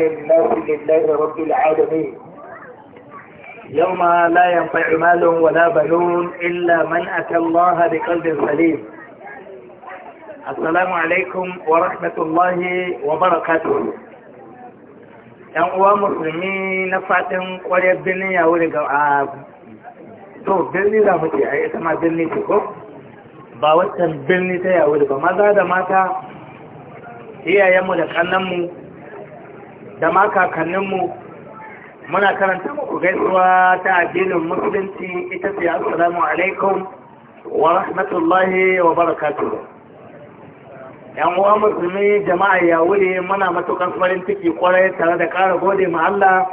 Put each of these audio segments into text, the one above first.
Yau الناس لله رب العالمين يوم لا ينفع مال ولا بنون إلا من أتى الله بقلب سليم السلام عليكم ورحمة الله وبركاته ‘yan uwa musulmi na faɗin ƙwarya birnin ya wuri ga to birni za mu ce a yi ma birni ce ko ba watan birni ta ya wuri ba maza da mata iyayenmu da ƙannanmu. da ma mu muna karanta muku gaisuwa ta addinin musulunci ita ce assalamu alaikum wa rahmatullahi wa barakatu yan uwa musulmi jama'a ya wuri muna matukar farin ciki kwarai tare da ƙara gode ma Allah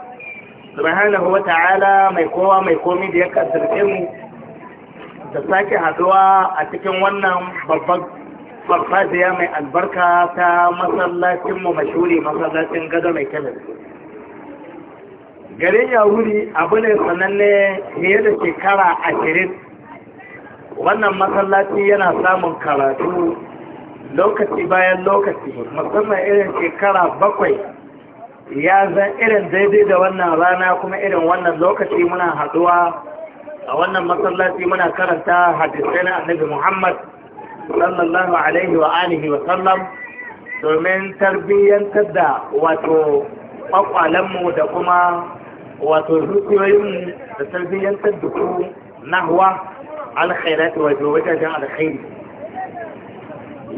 subhanahu wa ta'ala mai kowa mai komi da ya kasance mu da sake haduwa a cikin wannan babban farfajiya mai albarka ta matsalacin mu mashuri masallacin gado mai kyanar garin yahudi abu ne sananne fiye da shekara ashirin wannan masallaci yana samun karatu lokaci bayan lokaci musamman irin shekara bakwai ya zan irin daidai da wannan rana kuma irin wannan lokaci muna haduwa a wannan masallaci muna karanta hadisai na annabi muhammad sallallahu alaihi wa alihi wa sallam domin tarbiyyantar da wato kwakwalenmu da kuma wato zuciyoyinmu da tarbiyyantar da ku nahwa alkhairat wa wajajen alkhairi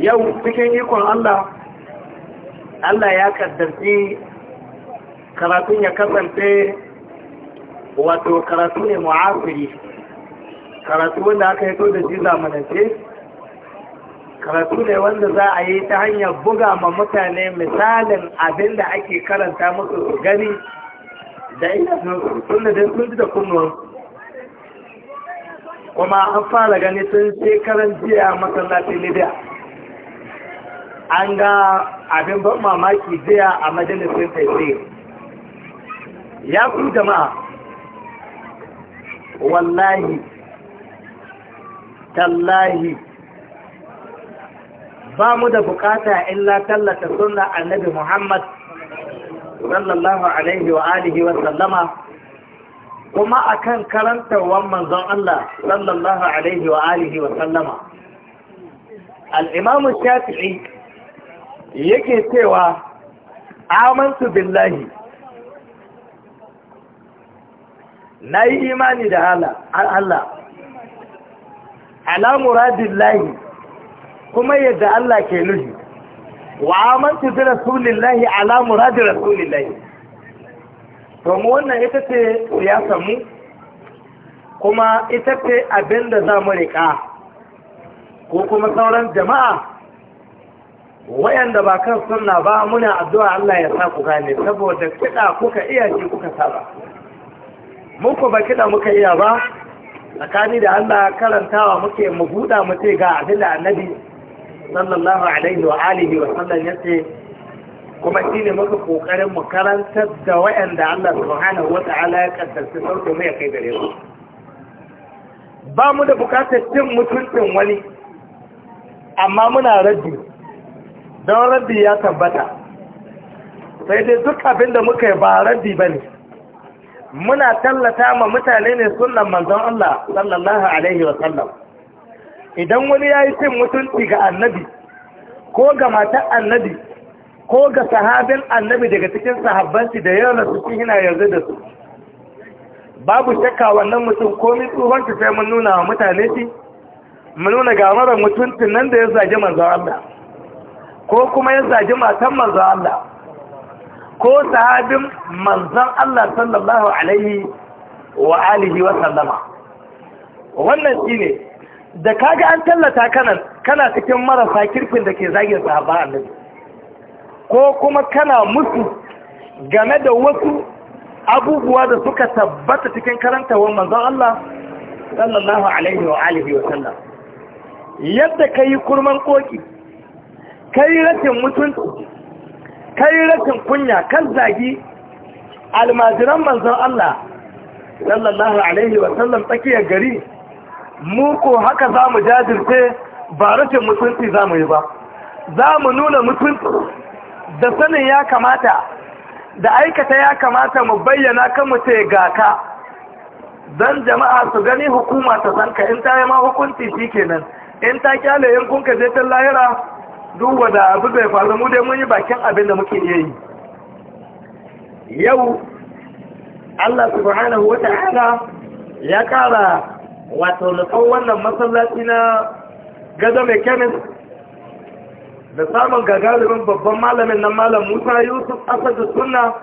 yau cikin ikon Allah Allah ya kaddarci karatun ya kasance wato karatu ne mu'afiri karatu wanda aka yi to da shi zamanance karatu ne wanda za a yi ta hanyar buga ma mutane misalin abin da ake karanta musu su gani da ina sun da sun ji da kunnuwan kuma an fara gani sun shekaran jiya masallacin libya an ga abin ban mamaki jiya a majalisun taifir ya ku jama'a wallahi tallahi ba mu da bukata illa tallata sunna annabi Muhammad sallallahu alaihi wa alihi wa sallama kuma akan karantarwar manzon Allah sallallahu alaihi wa alihi wa sallama al-Imam Shafi'i yake cewa amantu billahi na yi imani da Allah ala muradillahi. kuma yadda Allah ke nufi wa amantu bi rasulillahi ala muradi rasulillahi to mu wannan ita ce ya samu kuma ita ce abin za mu rika. ko kuma sauran jama'a wayanda ba kan sunna ba muna addu'a Allah ya sa ku gane saboda kiɗa kuka iya shi kuka saba muku ba kiɗa muka iya ba tsakani da Allah karantawa muke mu buda mu ce ga abin da annabi sallallahu alaihi wa alihi wa sallam ce kuma shi ne muka kokarin mu karantar da waɗanda Allah subhanahu wa ta'ala ya kasance sauke mai ya kai gare mu ba mu da bukatar cin mutuncin wani amma muna raddi don raddi ya tabbata sai dai duk abin da muka yi ba raddi ba ne muna tallata ma mutane ne sunan manzon Allah sallallahu alaihi wa sallam idan wani ya yi cin mutunci ga annabi ko ga matan annabi ko ga sahabin annabi daga cikin sahabbansu da yawan su cikin hina yanzu da su babu shakka wannan mutum komi tsohon sai mun nuna wa mutane shi mun nuna ga mara mutuncin nan da ya zage manzo Allah ko kuma ya zage matan manzo Allah ko sahabin manzan Allah sallallahu alaihi wa alihi wa sallama wannan shine da kaga an tallata kanan kana cikin marasa kirkin da ke zagin sahaba annabi ko kuma kana musu game da wasu abubuwa da suka tabbata cikin karantawar manzon Allah sallallahu alaihi wa alihi wa sallam yadda kai kurman koki kai rashin mutunci kai rashin kunya kan zagi almajiran manzon Allah sallallahu alaihi wa sallam tsakiyar gari mu ko haka za mu jajirce ba rashin mutunci za mu yi ba za mu nuna mutunci da sanin ya kamata da aikata ya kamata mu bayyana kan mu ce ga don jama'a su gani hukuma ta sanka in ta yi ma hukunci shi kenan in ta kyale in kun ka je ta lahira duk da abu bai faru mu dai mun yi bakin abin da muke iya yi yau Allah subhanahu wa ta'ala ya kara wato tsawon wannan masallaci na gada mai kemis da samun gagarumin babban malamin nan malam musa yusuf asadu suna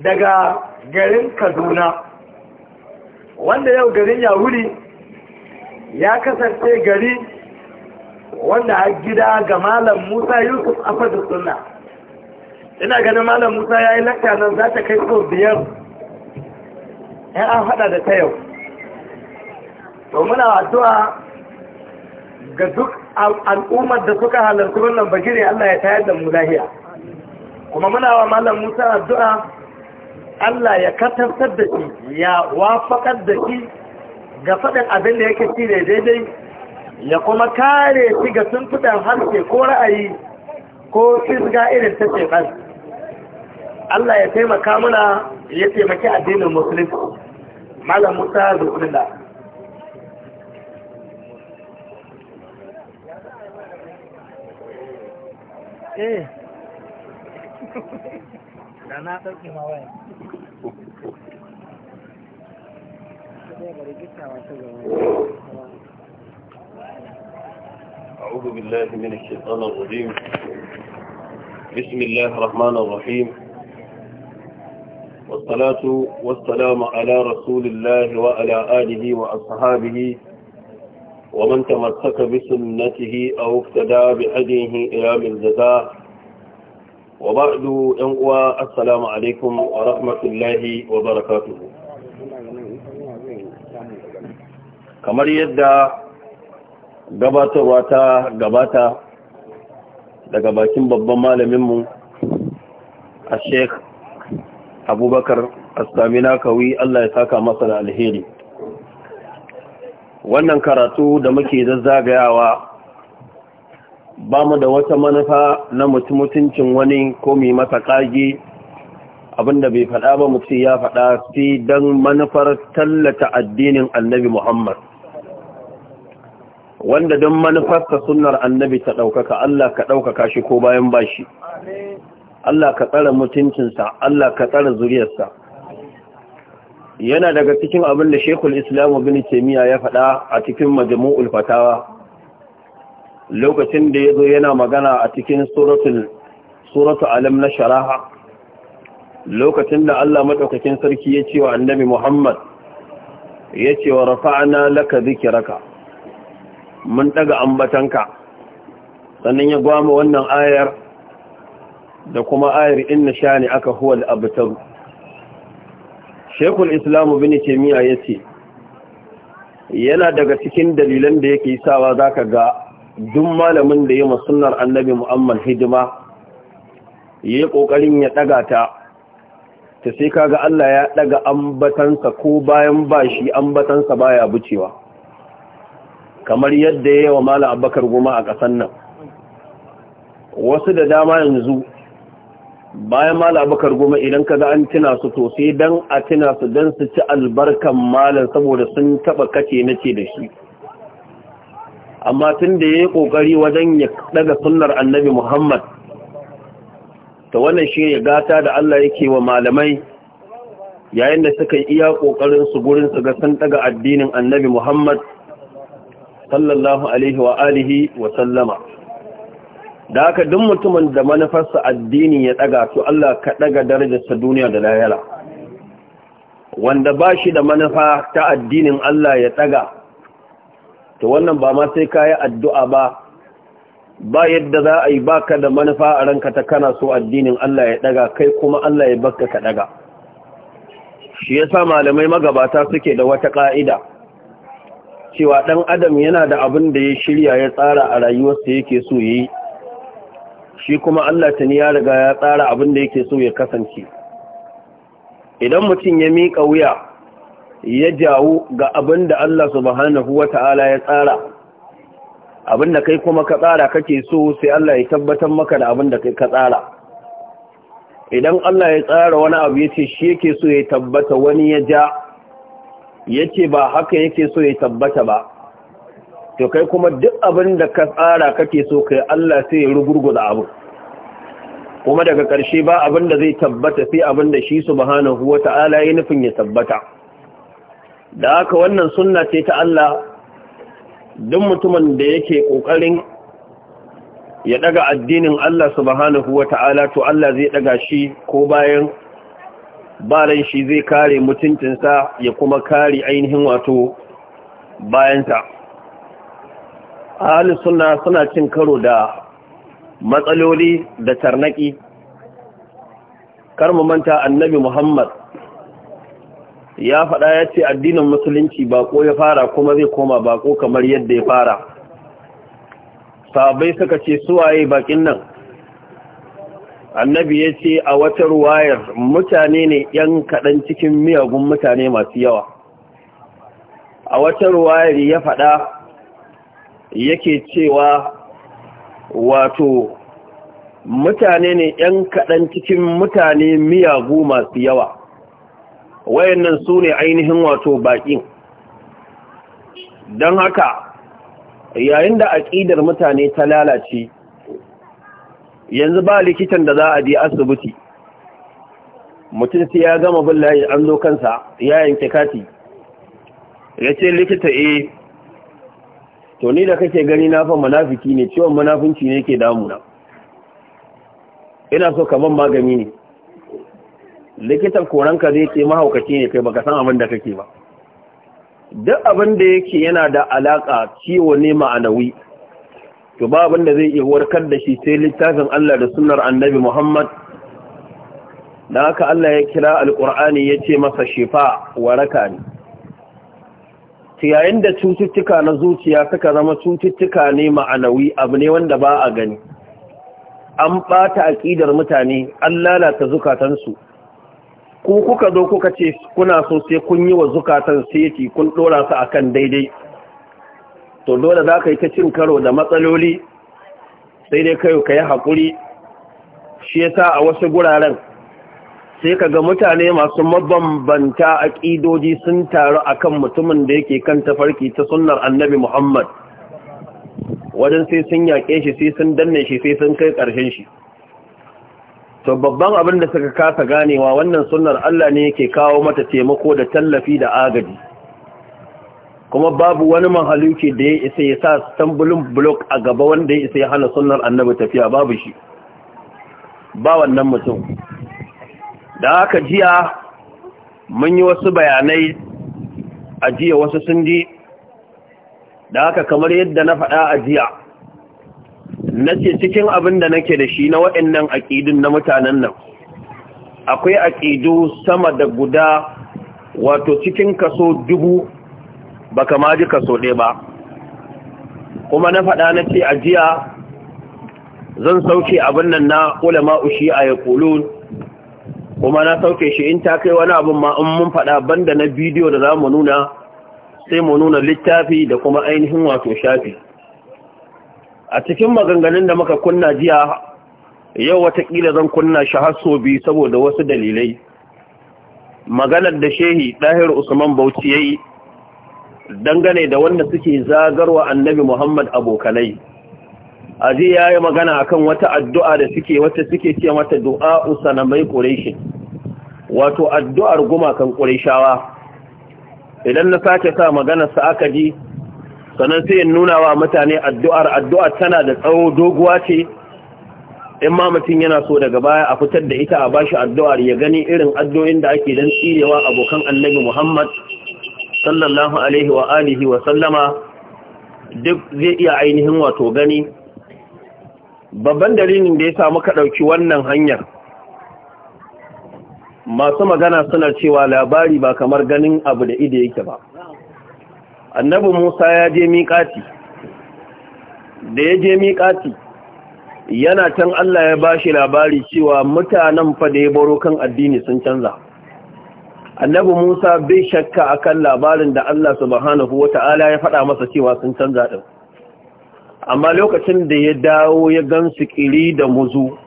daga garin kaduna wanda yau garin yahudi ya kasance gari wanda a gida ga malam musa yusuf asadu suna, ina ganin malam musa ya yi lakta nan za ta kai so biyar ya an hada da ta yau to muna addu'a ga duk al'ummar da suka halarci wannan bagire Allah ya tayar da mu lahiya kuma muna wa Mallam Musa addu'a Allah ya katantar da shi ya wafakar da shi ga fadin abin da yake ci da daidai ya kuma kare shi ga tuntuɗan harshe ko ra'ayi ko fisga irin ta Allah ya taimaka muna ya taimaki addinin musulunci Mallam Musa zuwa eh da na ɗauke ma waya أعوذ بالله من الشيطان الرجيم بسم الله الرحمن الرحيم والصلاة والسلام على رسول الله وعلى آله وأصحابه ومن تمسك بسنته أو افتدى بهديه إلى من جزاء وبعد ينقوى السلام عليكم ورحمة الله وبركاته kamar yadda gabatarwa ta gabata daga bakin babban malaminmu a sheikh abubakar astamina kawi allah ya saka masa da alheri wannan karatu da muke zazzagayawa ba mu da wata manufa na mutuncin wani mai masa ƙage abinda bai faɗa ba mutu ya faɗa sai don manufar tallata addinin annabi Muhammad wanda don manufarsa sunnar annabi ta ɗaukaka Allah ka ɗaukaka shi ko bayan ba shi. Allah ka tsara mutuncinsa Allah ka tsara zuriyarsa yana daga cikin abin da shekul islam bin taimiyya ya faɗa a cikin majmu'ul fatawa lokacin da ya zo yana magana a cikin suratu alam na sharaha lokacin da allah maɗaukakin sarki ya ce wa annabi muhammad ya ce wa rafa'ana laka zikiraka mun ɗaga ambatanka sannan ya gwama wannan ayar da kuma ayar inna shani aka huwal abtaru shekul islamu bin taimiyya ya ce yana daga cikin dalilan da yake sawa za ka ga duk malamin da ya masunar annabi mu'amman hidima ya yi ƙoƙarin ya ɗaga ta ta sai kaga Allah ya ɗaga ambatansa ko bayan bashi ambatansa baya bucewa kamar yadda ya yi wa malam abakar goma a ƙasan nan wasu da dama yanzu bayan mala bakar goma idan ka ga an tuna su to sai dan a tuna su dan su ci albarkan malan saboda sun taba kace na ce da shi amma tun da yayi kokari wajen ya daga sunnar annabi Muhammad to wannan shi ne gata da Allah yake wa malamai yayin da suka iya kokarin su gurin su ga sun daga addinin annabi Muhammad sallallahu alaihi wa alihi wa sallama da haka duk mutumin da manufarsa addini ya ɗaga, su Allah ka daga darajarsa duniya da lahira wanda ba shi da manufa ta addinin Allah ya daga to wannan ba ma sai yi addu'a ba ba yadda za a yi baka da manufa a ranka ta kana so addinin Allah ya ɗaga, kai kuma Allah ya baka ka daga shi yasa malamai magabata suke da wata ƙa'ida. cewa dan adam yana da abin da ya shirya ya tsara a rayuwarsa yake so yi shi kuma Allah ta ni ya riga ya tsara abin da yake so ya kasance idan mutum ya miƙa wuya ya jawo ga abin da Allah subhanahu wata'ala ya tsara abin da kai kuma ka tsara kake so sai Allah ya tabbatar maka da abin da kai ka tsara idan Allah ya tsara wani abu yace shi yake so ya tabbata wani ya ja yace ba haka yake so ya tabbata ba to kai kuma duk abin da ka tsara kake so kai Allah sai ya rugurguza abu kuma daga ƙarshe ba abin da zai tabbata sai abin da shi subhanahu wata'ala ya nufin ya tabbata da haka wannan sunna ce ta Allah duk mutumin da yake kokarin ya daga addinin Allah subhanahu wata'ala to Allah zai daga shi ko bayan baran shi zai kare mutuncinsa ya kuma kare ainihin wato bayansa ahalin sunna suna cin karo da matsaloli da tarnaki kar mu manta annabi muhammad ya faɗa ya ce addinin musulunci bako ya fara kuma zai koma bako kamar yadda ya fara sabai suka ce suwaye bakin nan annabi ya ce a wata ruwayar mutane ne yan kaɗan cikin miyagun mutane masu yawa a wata ruwayar ya faɗa yake cewa wato mutane ne ‘yan kaɗan cikin mutane miyagu masu yawa wayannan su ne ainihin wato baƙin don haka yayin da aƙidar mutane ta lalace yanzu ba likitan da za a je asibiti mutum sai ya gama bin layi an zo kansa ya yanke kati ya ce likita e. to ni da kake gani na fa munafiki ne ciwon munafunci ne yake na. ina so ka ban magani ne likitan koranka zai ce mahaukaci ne kai baka san abin da kake ba duk abin da yake yana da alaka ciwo ne ma'anawi to ba abin da zai iya warkar da shi sai littafin Allah da sunnar annabi Muhammad da haka Allah ya kira alqur'ani yace masa shifa waraka ne yayin da cututtuka na zuciya suka zama cututtuka ne ma'anawi abu ne wanda ba a gani an ɓata aƙidar mutane an lalata zukatansu ku kuka zo kuka ce kuna so sai kun yi wa zukatan seti kun ɗora su akan daidai to dole za ka yi ta cin karo da matsaloli sai dai kayo ka yi haƙuri shi yasa a wasu guraren sai ka ga mutane masu mabambanta a ƙidoji sun taru a kan mutumin da yake kan tafarki ta sunar annabi Muhammad wajen sai sun yaƙe shi sai sun danne shi sai sun kai ƙarshen shi to babban abin da suka kasa ganewa wannan sunar Allah ne yake kawo mata taimako da tallafi da agaji kuma babu wani mahaluki da ya isa ya sa stambulin blok a gaba wanda ya isa ya hana sunar annabi tafiya babu shi ba wannan mutum da haka jiya mun yi wasu bayanai a jiya wasu sun ji da aka kamar yadda na faɗa a jiya na ce cikin abin da nake da shi na waɗannan aƙidun na mutanen nan akwai aƙidu sama da guda wato cikin kaso dubu ba kama ji kaso ɗaya ba kuma na faɗa na ce a jiya zan sauke abin nan na ulama ushi a ya kuma na sauke shi in ta kai wani abin ma in mun faɗa banda na bidiyo da za mu nuna sai mu nuna littafi da kuma ainihin wato shafi a cikin maganganun da muka kunna jiya yau watakila zan kunna shi har so biyu saboda wasu dalilai maganar da shehi ɗahir usman bauchi ya yi dangane da wanda suke zagarwa annabi muhammad abokanai aje ya yi magana akan wata addu'a da suke wata suke ce mata usana mai ƙureshi wato addu'ar gumakan ƙureshawa idan na sake sa maganarsa aka ji sannan sai nuna wa mutane addu'ar addu'a tana da tsawo doguwa ce in ma mutum yana so daga baya a fitar da ita a bashi addu'ar ya gani irin addu'o'in da ake don tsirewa abokan annabi muhammad sallallahu alaihi wa alihi wa sallama duk zai iya ainihin wato gani babban dalilin da ya sa muka ɗauki wannan hanyar masu magana suna cewa labari ba kamar ganin abu da ido yake ba annabi musa ya je miƙati da ya je miƙati yana can allah ya ba shi labari cewa mutanen fa da ya baro kan addini sun canza annabi musa bai shakka akan labarin da allah subhanahu wata'ala ya faɗa masa cewa sun canza ɗin amma lokacin da ya dawo ya gan su ƙiri da muzu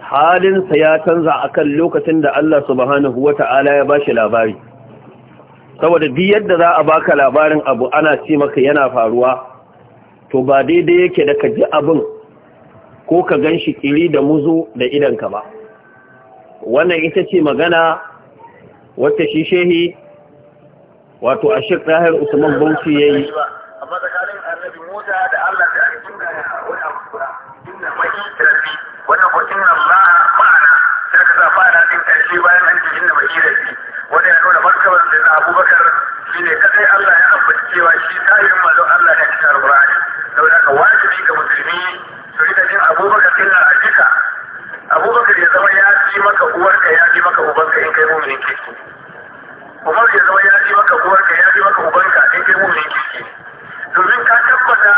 halinsa ya canza akan lokacin da Allah subhanahu ta'ala ya bashi labari saboda duk yadda za a baka labarin abu ana ce maka yana faruwa to ba daidai yake da ka ji abin ko ka gan shi kiri da muzu da idanka ba wannan ita ce magana wacce shi shehi wato a ɗahir usman bauchi ya yi wanda ko inna Allah ma'ana sai ka sa fa'ana din karshe bayan an ji inna bashira shi wanda ya nuna martabar da Abubakar shine kadai Allah ya ambaci cewa shi tayin manzon Allah ya cikin Al-Qur'ani saboda ka wajibi ga musulmi su rika jin Abubakar din a jika Abubakar ya zama ya ji maka uwarka ya ji maka ubanka in kai mu'minin kirki Umar ya zama ya ji maka uwarka ya ji maka ubanka in kai mu'minin kirki domin ka tabbata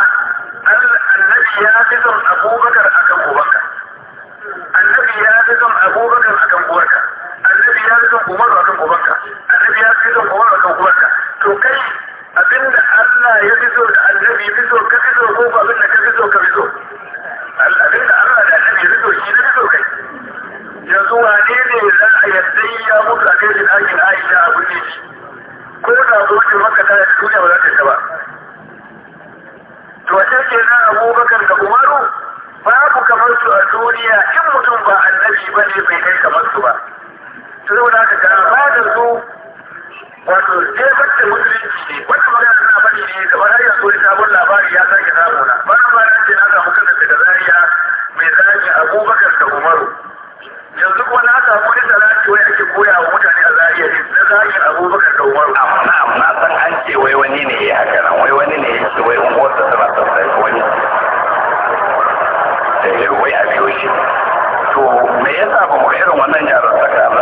annabi ya fi son abubakar akan ubanka. annabi ya fi son abubakar a kan uwarka annabi ya fi son umaru a kan ubanka annabi ya fi son umaru a kan uwarka to kai abinda Allah ya fi so da annabi fi so ka fi so ko ba abinda ka fi so ka fi so abinda Allah da annabi fi so shi na fi so kai yanzu wane ne za a yarda ya mutu a kai shi Aisha a kunne shi ko da zuwa maka ta duniya ba za ta ba to a ke na abubakar da umaru babu kamar su a duniya in mutum ba annabi ba ne bai kai kamar su ba su zauna da ka ga ba da su wato jefar da musulunci ne wata magana tana faɗi ne kamar har yanzu wani sabon labari ya sake samuna bayan bayan ce na samu kanan daga zariya mai zagi abubakar da umaru yanzu kuma na samu wani salati wai ake koya wa mutane a zariya ne na zagin abubakar da umaru amma amma san an ce wai wani ne ya haka wai wani ne ya ce wai wata tana sassai wani da wai a biyo shi to me yasa ba mu irin wannan jarumtaka ba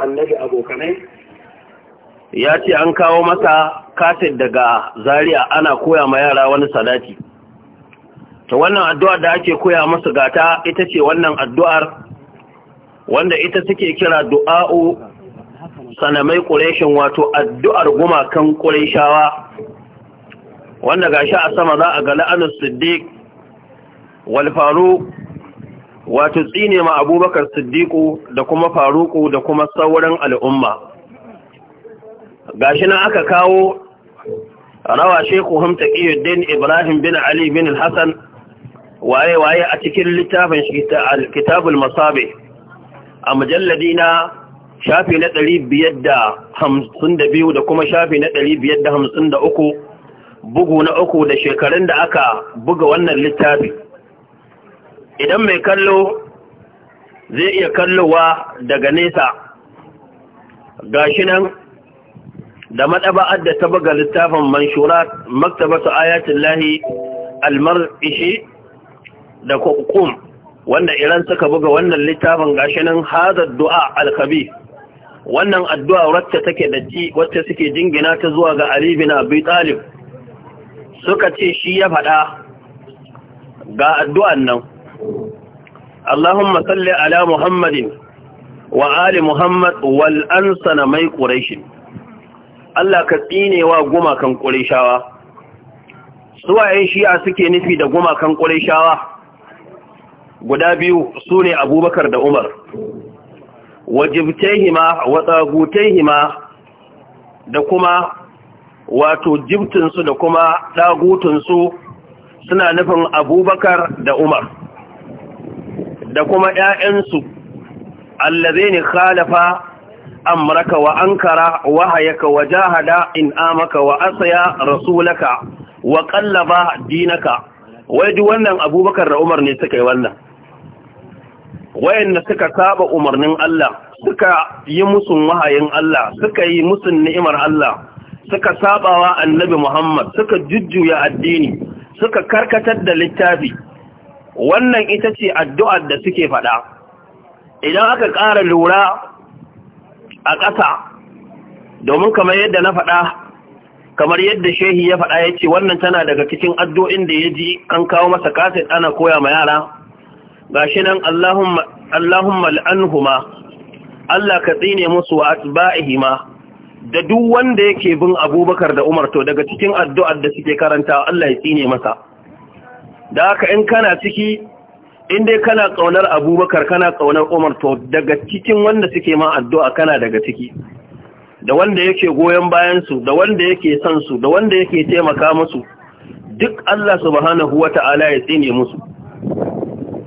annabi abokanai ya ce an kawo masa katin daga zariya ana koya ma yara wani salati ta wannan addu'ar da ake koya masu gata ita ce wannan addu'ar wanda ita suke kira du'a'u sanamai ƙureshin wato addu'ar gumakan ƙureshawa wanda gashi a sama za a ga anus siddiq walfaru wato tsine ma abubakar siddiƙu da kuma faruku da kuma sauran al'umma gashi nan aka kawo rawa sheku hamta iyuddin ibrahim bin ali bin hassan waye waye a cikin littafin kitabul masabe a mujalladi na shafi na biyar da kuma shafi na biyar da uku, bugu na uku da shekarun da aka buga wannan littafin. idan mai kallo zai iya kallowa daga nesa gashi nan da maɗaba'ar da ta buga littafin manshurat maktabatu ayatin lahi almar ishi da kukum wanda iran suka buga wannan littafin shi nan hazar du'a alkabi wannan addu'a wacce take da ci wacce suke jingina ta zuwa ga alibina bai Talib suka ce shi ya faɗa ga addu'an nan Allahumma salli ala Muhammadin wa'ali ali Muhammad wal mai quraish Allah ka tsinewa gumakan Su suwaye shi'a suke nufi da gumakan qurayshawa guda biyu sune Abubakar da Umar wajibtaihima wa tsagutaihima da kuma wato jibtunsu da kuma ɗagutunsu suna nufin abubakar da umar da kuma ‘ya'yansu, allaze ne khalafa amraka wa ankara wahayaka wa jahada in amaka wa asaya rasulaka wa kallaba dinaka, wai duk wannan abubakar da umar ne suka yi wannan. Wayanda suka saba umarnin Allah, suka yi musun wahayin Allah, suka yi musun ni'imar Allah, suka sabawa annabi Muhammad, suka jujjuya addini, suka karkatar da littafi. wannan ita ce addu'ar da suke faɗa idan aka ƙara lura a ƙasa domin kamar yadda na faɗa kamar yadda shehi ya faɗa ya ce wannan tana daga cikin addu'in da ya ji an kawo masa kaset ana koya ma yara ga shi nan Allahumma huma. Allah ka tsine musu wa atba'ihima da duk wanda yake bin abubakar da umar to daga cikin addu'ar da suke karanta Allah ya tsine masa da haka in kana ciki in dai kana kaunar abubakar kana kaunar umar to daga cikin wanda suke ma addu'a kana daga ciki da wanda yake goyon bayansu da wanda yake son su da wanda yake taimaka musu duk Allah subhanahu wata'ala ya tsine musu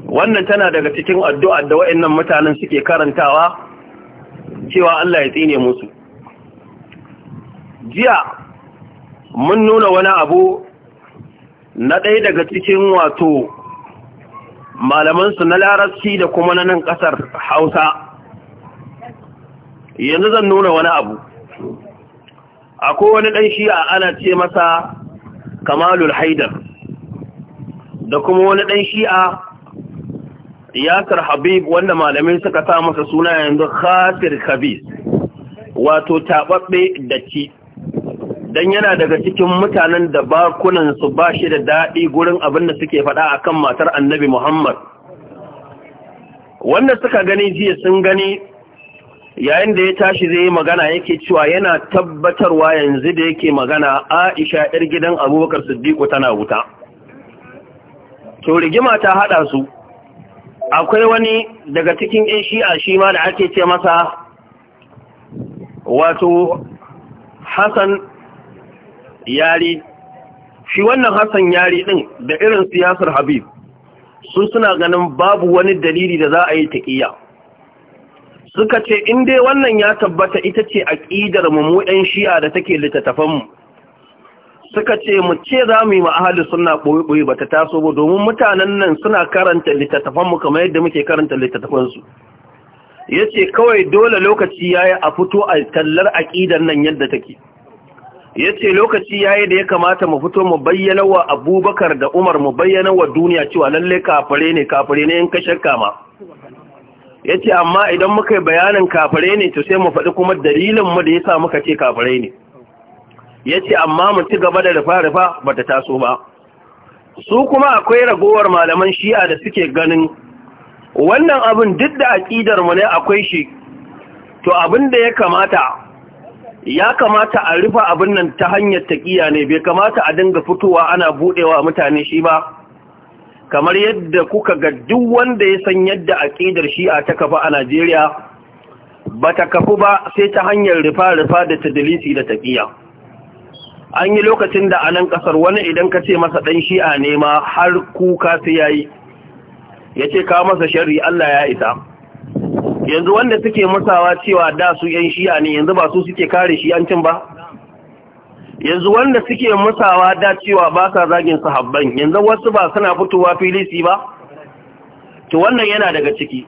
wannan tana daga cikin addu'a da waɗannan mutanen suke karantawa cewa Allah ya tsine musu jiya mun nuna wani abu na ɗaya daga cikin wato malamansu na larabci da kuma na nan ƙasar hausa yanzu zan nuna wani abu akwai wani ɗan shi'a ana ce masa kamalul haidar da kuma wani ɗan shi'a yasir habib wanda malamai suka sa masa suna yanzu khasir khabis wato taɓaɓɓe da ci dan yana daga cikin mutanen da bakunansu su ba shi da daɗi gurin abin da suke faɗa akan matar annabi Muhammad wanda suka gani jiya sun gani yayin da ya tashi zai magana yake cewa yana tabbatarwa yanzu da yake magana Aisha yar gidan Abubakar Siddiq tana wuta to rigima ta haɗa su akwai wani daga cikin yan shi'a shi ma da ake ce masa wato Hassan yari shi wannan hassan yari din da irin siyasar habib sun suna ganin babu wani dalili da za a yi taƙiya suka ce in dai wannan ya tabbata ita ce a ƙidar mu ɗan shi'a da take littattafanmu suka ce mu ce za mu yi ma'ahali suna ɓoye-ɓoye ba ta taso ba domin mutanen nan suna karanta littattafanmu kamar yadda muke karanta littattafansu ya ce kawai dole lokaci ya yi a fito a tallar aƙidar nan yadda take ya ce lokaci ya yi da ya kamata mu fito mu bayyana wa abubakar da umar mu bayyana wa duniya cewa lalle kafare ne kafare ne in kashe kama ya ce amma idan muka yi bayanin kafare ne to sai mu faɗi kuma dalilin mu da ya sa muka ce kafare ne ya ce amma mu ci gaba da rufa-rufa ba ta taso ba su kuma akwai ragowar malaman shi'a da suke ganin wannan abin duk da aƙidar mu ne akwai shi to abin da ya kamata ya kamata a rufe abin nan ta hanyar taƙiya ne bai kamata a dinga fitowa ana buɗewa mutane shi ba kamar yadda kuka ga duk wanda ya san yadda aƙidar shi'a ta kafa a Najeriya ba ta kafu ba sai ta hanyar rufa-rufa da tadilisi da taƙiya an yi lokacin da anan nan ƙasar wani idan ka ce masa ɗan shi'a nema har kuka sai ya yi ya ce ka masa sharri Allah ya isa yanzu wanda suke musawa cewa da su yan shi'a ne yanzu ba su suke kare shi'ancin ba yanzu wanda suke musawa da cewa ba sa zagin habban, yanzu wasu ba suna fitowa fili su ba to wannan yana daga ciki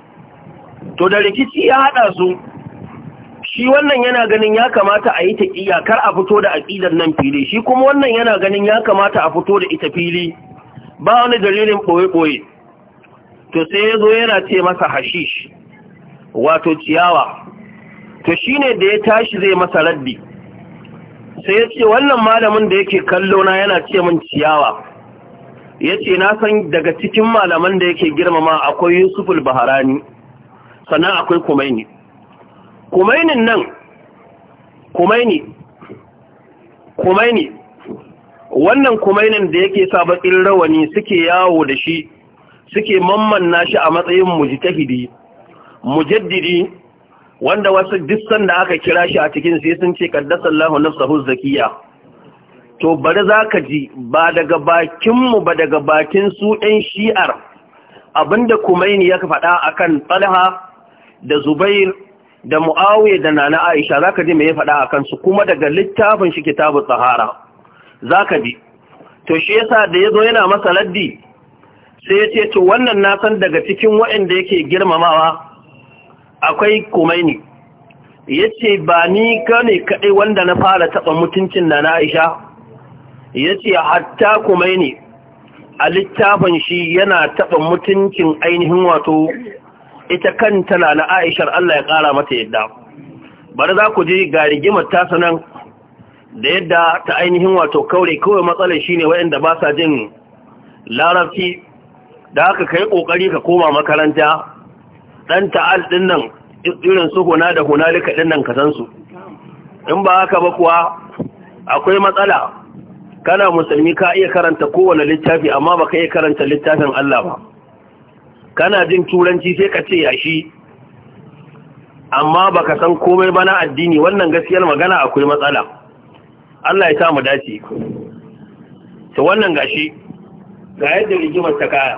to da rikici ya hada su shi wannan yana ganin ya kamata a yi ta kar a fito da aƙidar nan fili shi kuma wannan yana ganin ya kamata a fito da ita fili ba wani dalilin ɓoye-ɓoye to sai ya zo yana ce masa hashish wato ciyawa to shine da ya tashi zai masa raddi sai ya ce wannan malamin da yake kallo na yana ce min ciyawa ya ce na san daga cikin malaman da yake girmama akwai yusuful baharani sannan akwai kumaini kumainin nan kumaini kumaini wannan kumainin da yake sa bakin rawani suke yawo da shi suke mamman nashi a matsayin mujtahidi mujaddidi wanda wasu dissan da aka kira shi a cikin sai sun ce Allahu nafsahu zakiya to bari zaka ji ba daga bakin mu ba daga bakin su ɗan shi'ar abinda kumaini ya faɗa akan Talha da Zubair da Muawiya da Nana Aisha zaka ji me ya faɗa akan su kuma daga littafin shi kitabu Tsahara zaka ji to shi yasa da yazo yana masa laddi sai ya ce to wannan na san daga cikin waɗanda yake girmamawa akwai ne, ya ce ba ni ka ne wanda na fara taɓa mutuncin na Aisha yace hatta ne. a littafin shi yana taɓa mutuncin ainihin wato ita kanta na Aishar Allah ya ƙara mata yadda bari za ku ji ga rigimar tasa nan. da yadda ta ainihin wato kaure kawai matsalar shi shine wayanda ba sa jin larabci da haka kai ƙoƙari ka koma makaranta dan ta'al din nan irin su huna da hunalika din nan kasan su in ba haka ba kuwa akwai matsala kana musulmi ka iya karanta kowane littafi amma ba ka iya karanta littafin Allah ba kana jin turanci sai ka ce yashi amma ba ka san komai ba na addini wannan gaskiyar magana akwai matsala Allah ya sa mu dace to wannan gashi ga yadda rigimar ta kaya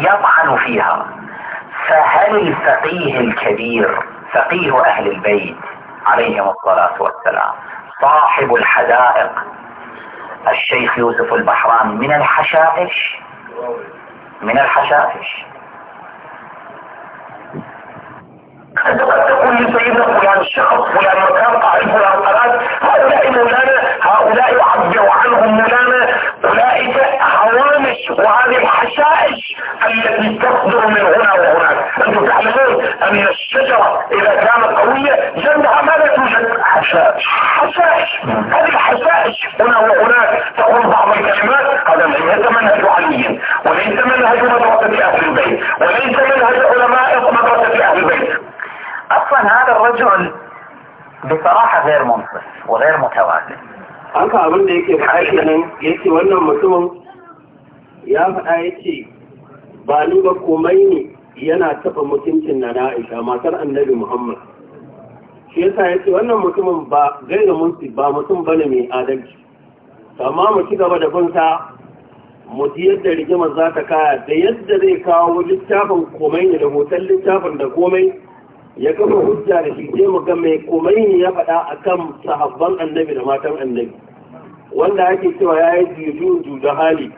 يطعن فيها فهل الفقيه الكبير فقيه أهل البيت عليهم الصلاة والسلام صاحب الحدائق الشيخ يوسف البحران من الحشائش من الحشائش انت قد تقول لي سيدنا فلان الشخص فلان مكان قائد فلان قناه هؤلاء مولانا هؤلاء يعبر عنهم مولانا وهذه الحشائش التي تصدر من هنا وهناك انتم تعلمون ان الشجرة اذا كانت قوية جنبها ماذا توجد حشائش حشائش هذه الحشائش هنا وهناك تقول بعض الكلمات هذا ليس منهج علي وليس منهج مدرسة اهل البيت وليس منهج علماء مدرسة اهل البيت اصلا هذا الرجل بصراحة غير منصف وغير متوازن haka أقول لك yake حاجة nan yake wannan مسؤول ya faɗa ya ce ba ni ba komai ne yana taɓa mutuncin na Aisha matar annabi Muhammad shi yasa ya ce wannan mutumin ba gaira mutu ba mutum ne mai adalci amma mu ci gaba da bunta mu ji yadda rigimar za ta kaya da yadda zai kawo littafin komai ne da hoton littafin da komai ya kama hujja da shi sai mu ga mai komai ne ya faɗa a kan sahabban annabi da matan annabi wanda ake cewa ya yi juju da hali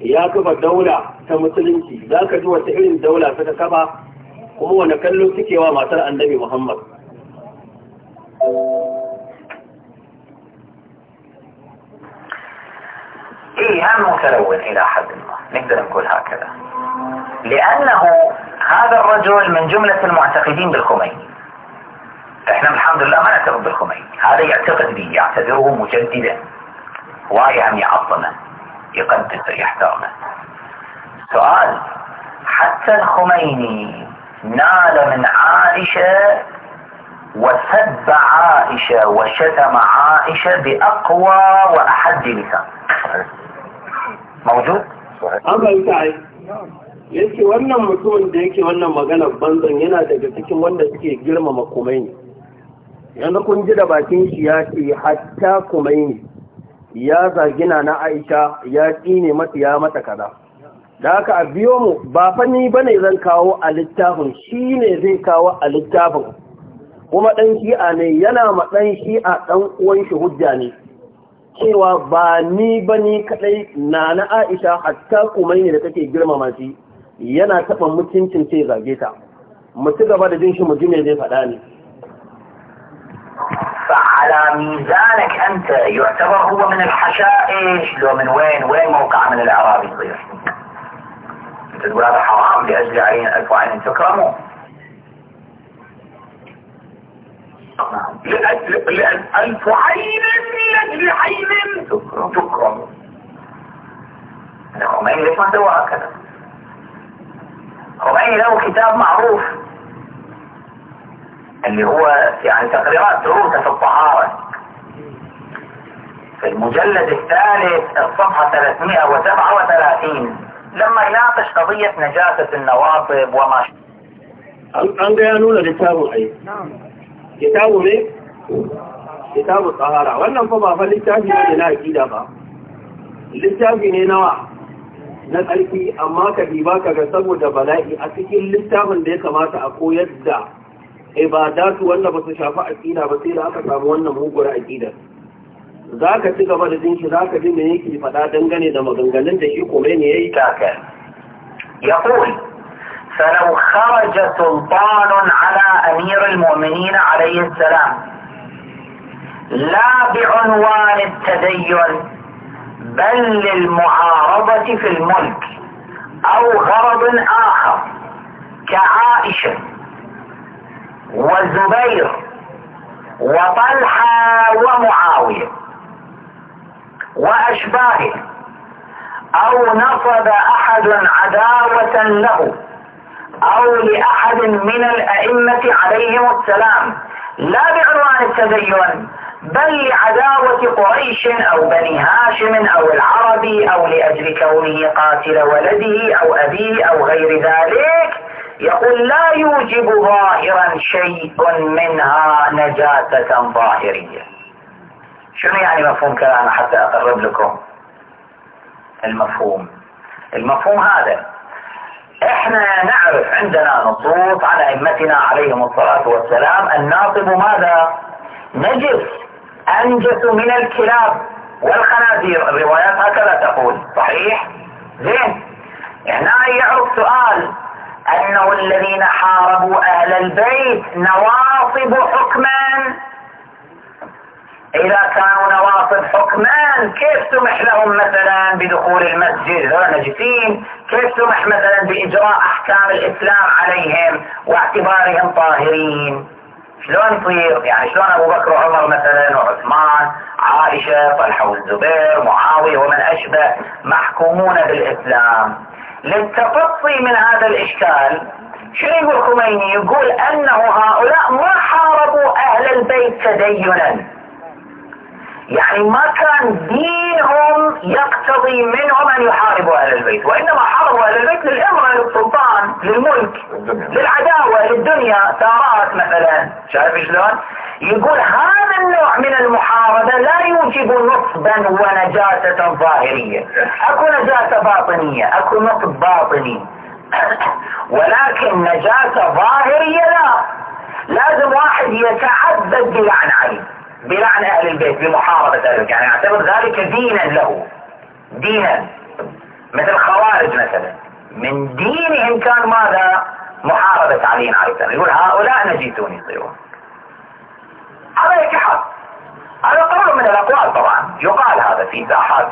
ya kafa daula ta musulunci za ka ji wata irin daula ta kafa kuma wani kallo suke wa matar annabi muhammad إيه ها متلون إلى حد ما نقدر نقول هكذا لأنه هذا الرجل من جملة المعتقدين بالخميني احنا الحمد لله ما نعتقد بالخميني هذا يعتقد به يعتبره مجددا عم يعظمه يقدس يحترمه سؤال حتى الخميني نال من عائشة وسب عائشة وشتم عائشة بأقوى وأحد لسان موجود؟ yake wannan mutumin da yake wannan maganar banzan yana daga cikin wanda suke girmama kumaini yana kun ji da bakin shi ya ce hatta kumaini ya zagina na aisha ya ne mata ya mata kaza da haka a biyo mu ba fanni ba ne zan kawo a littafin shi ne zai kawo a littafin kuma ɗan shi'a ne yana ma ɗan shi'a ɗan uwan shi hujja ne cewa ba ni ba ni kaɗai na na aisha hatta kumai ne da take girmama shi yana taɓa mutuncin ce zage ta mu ci gaba da jin shi mu ji zai faɗa ne فعلى ميزانك انت يعتبر هو من الحشائش لو من وين وين موقع من الاعراب يصير انت تقول هذا حرام لاجل عين الف عين تكرمه لأجل لأجل ألف عين لأجل عين تكرم خميني ليش ما سوى هكذا خميني له كتاب معروف اللي هو يعني تقريرات دروسه في الطهارة في المجلد الثالث الصفحة 337 لما يناقش قضية نجاسة النواصب وما شابه. عن أنا نولا أي نعم كتابه ليه؟ كتاب الطهارة وانا انفضى فالكتابي لنا اكيد ابا الكتابي نينوا نتعلي في اماك في باكك سبو دبلائي اتكي الكتاب اللي كما تأكو يدع ibadatu wanda ba su shafi aqida ba sai da aka samu wannan mugura aqida zaka ci gaba da jin shi zaka ji me yake faɗa dangane da maganganun da shi kome ne ya yi يقول فلو خرج سلطان على أمير المؤمنين عليه السلام لا بعنوان التدين بل للمعارضة في الملك أو غرض آخر كعائشة والزبير وطلحة ومعاوية وأشباهه أو نصب أحد عداوة له أو لأحد من الأئمة عليهم السلام لا بعنوان التدين بل لعداوة قريش أو بني هاشم أو العربي أو لأجل كونه قاتل ولده أو أبيه أو غير ذلك يقول لا يوجب ظاهرا شيء منها نجاسة ظاهرية شنو يعني مفهوم كلامه حتى أقرب لكم المفهوم المفهوم هذا احنا نعرف عندنا نصوص على ائمتنا عليهم الصلاة والسلام الناصب ماذا نجس انجس من الكلاب والخنازير الروايات هكذا تقول صحيح زين هنا يعرف سؤال أنه الذين حاربوا أهل البيت نواصب حكمان إذا كانوا نواصب حكمان كيف سمح لهم مثلا بدخول المسجد هؤلاء نجسين كيف سمح مثلا بإجراء أحكام الإسلام عليهم واعتبارهم طاهرين شلون يصير يعني شلون أبو بكر وعمر مثلا وعثمان عائشة طلحة والزبير معاوية ومن أشبه محكومون بالإسلام للتفطي من هذا الإشكال يقول الخميني يقول أنه هؤلاء ما حاربوا أهل البيت تدينا يعني ما كان دينهم يقتضي منهم أن يحاربوا أهل البيت وإنما حاربوا أهل البيت للإمرة للسلطان للملك للعداوة للدنيا ثارات مثلا شايف شلون يقول هذا النوع من المحاربة لا يوجب نصبا ونجاسة ظاهرية اكو نجاسة باطنية اكو نصب باطني ولكن نجاسة ظاهرية لا لازم واحد يتعبد بلعن عليه بلعن أهل البيت بمحاربة ذلك يعني يعتبر ذلك دينا له دينا مثل الخوارج مثلا من دينهم كان ماذا محاربة علي عليه السلام يقول هؤلاء نجيتون يصيرون على أي حال هذا قول من الأقوال طبعا يقال هذا في ساحات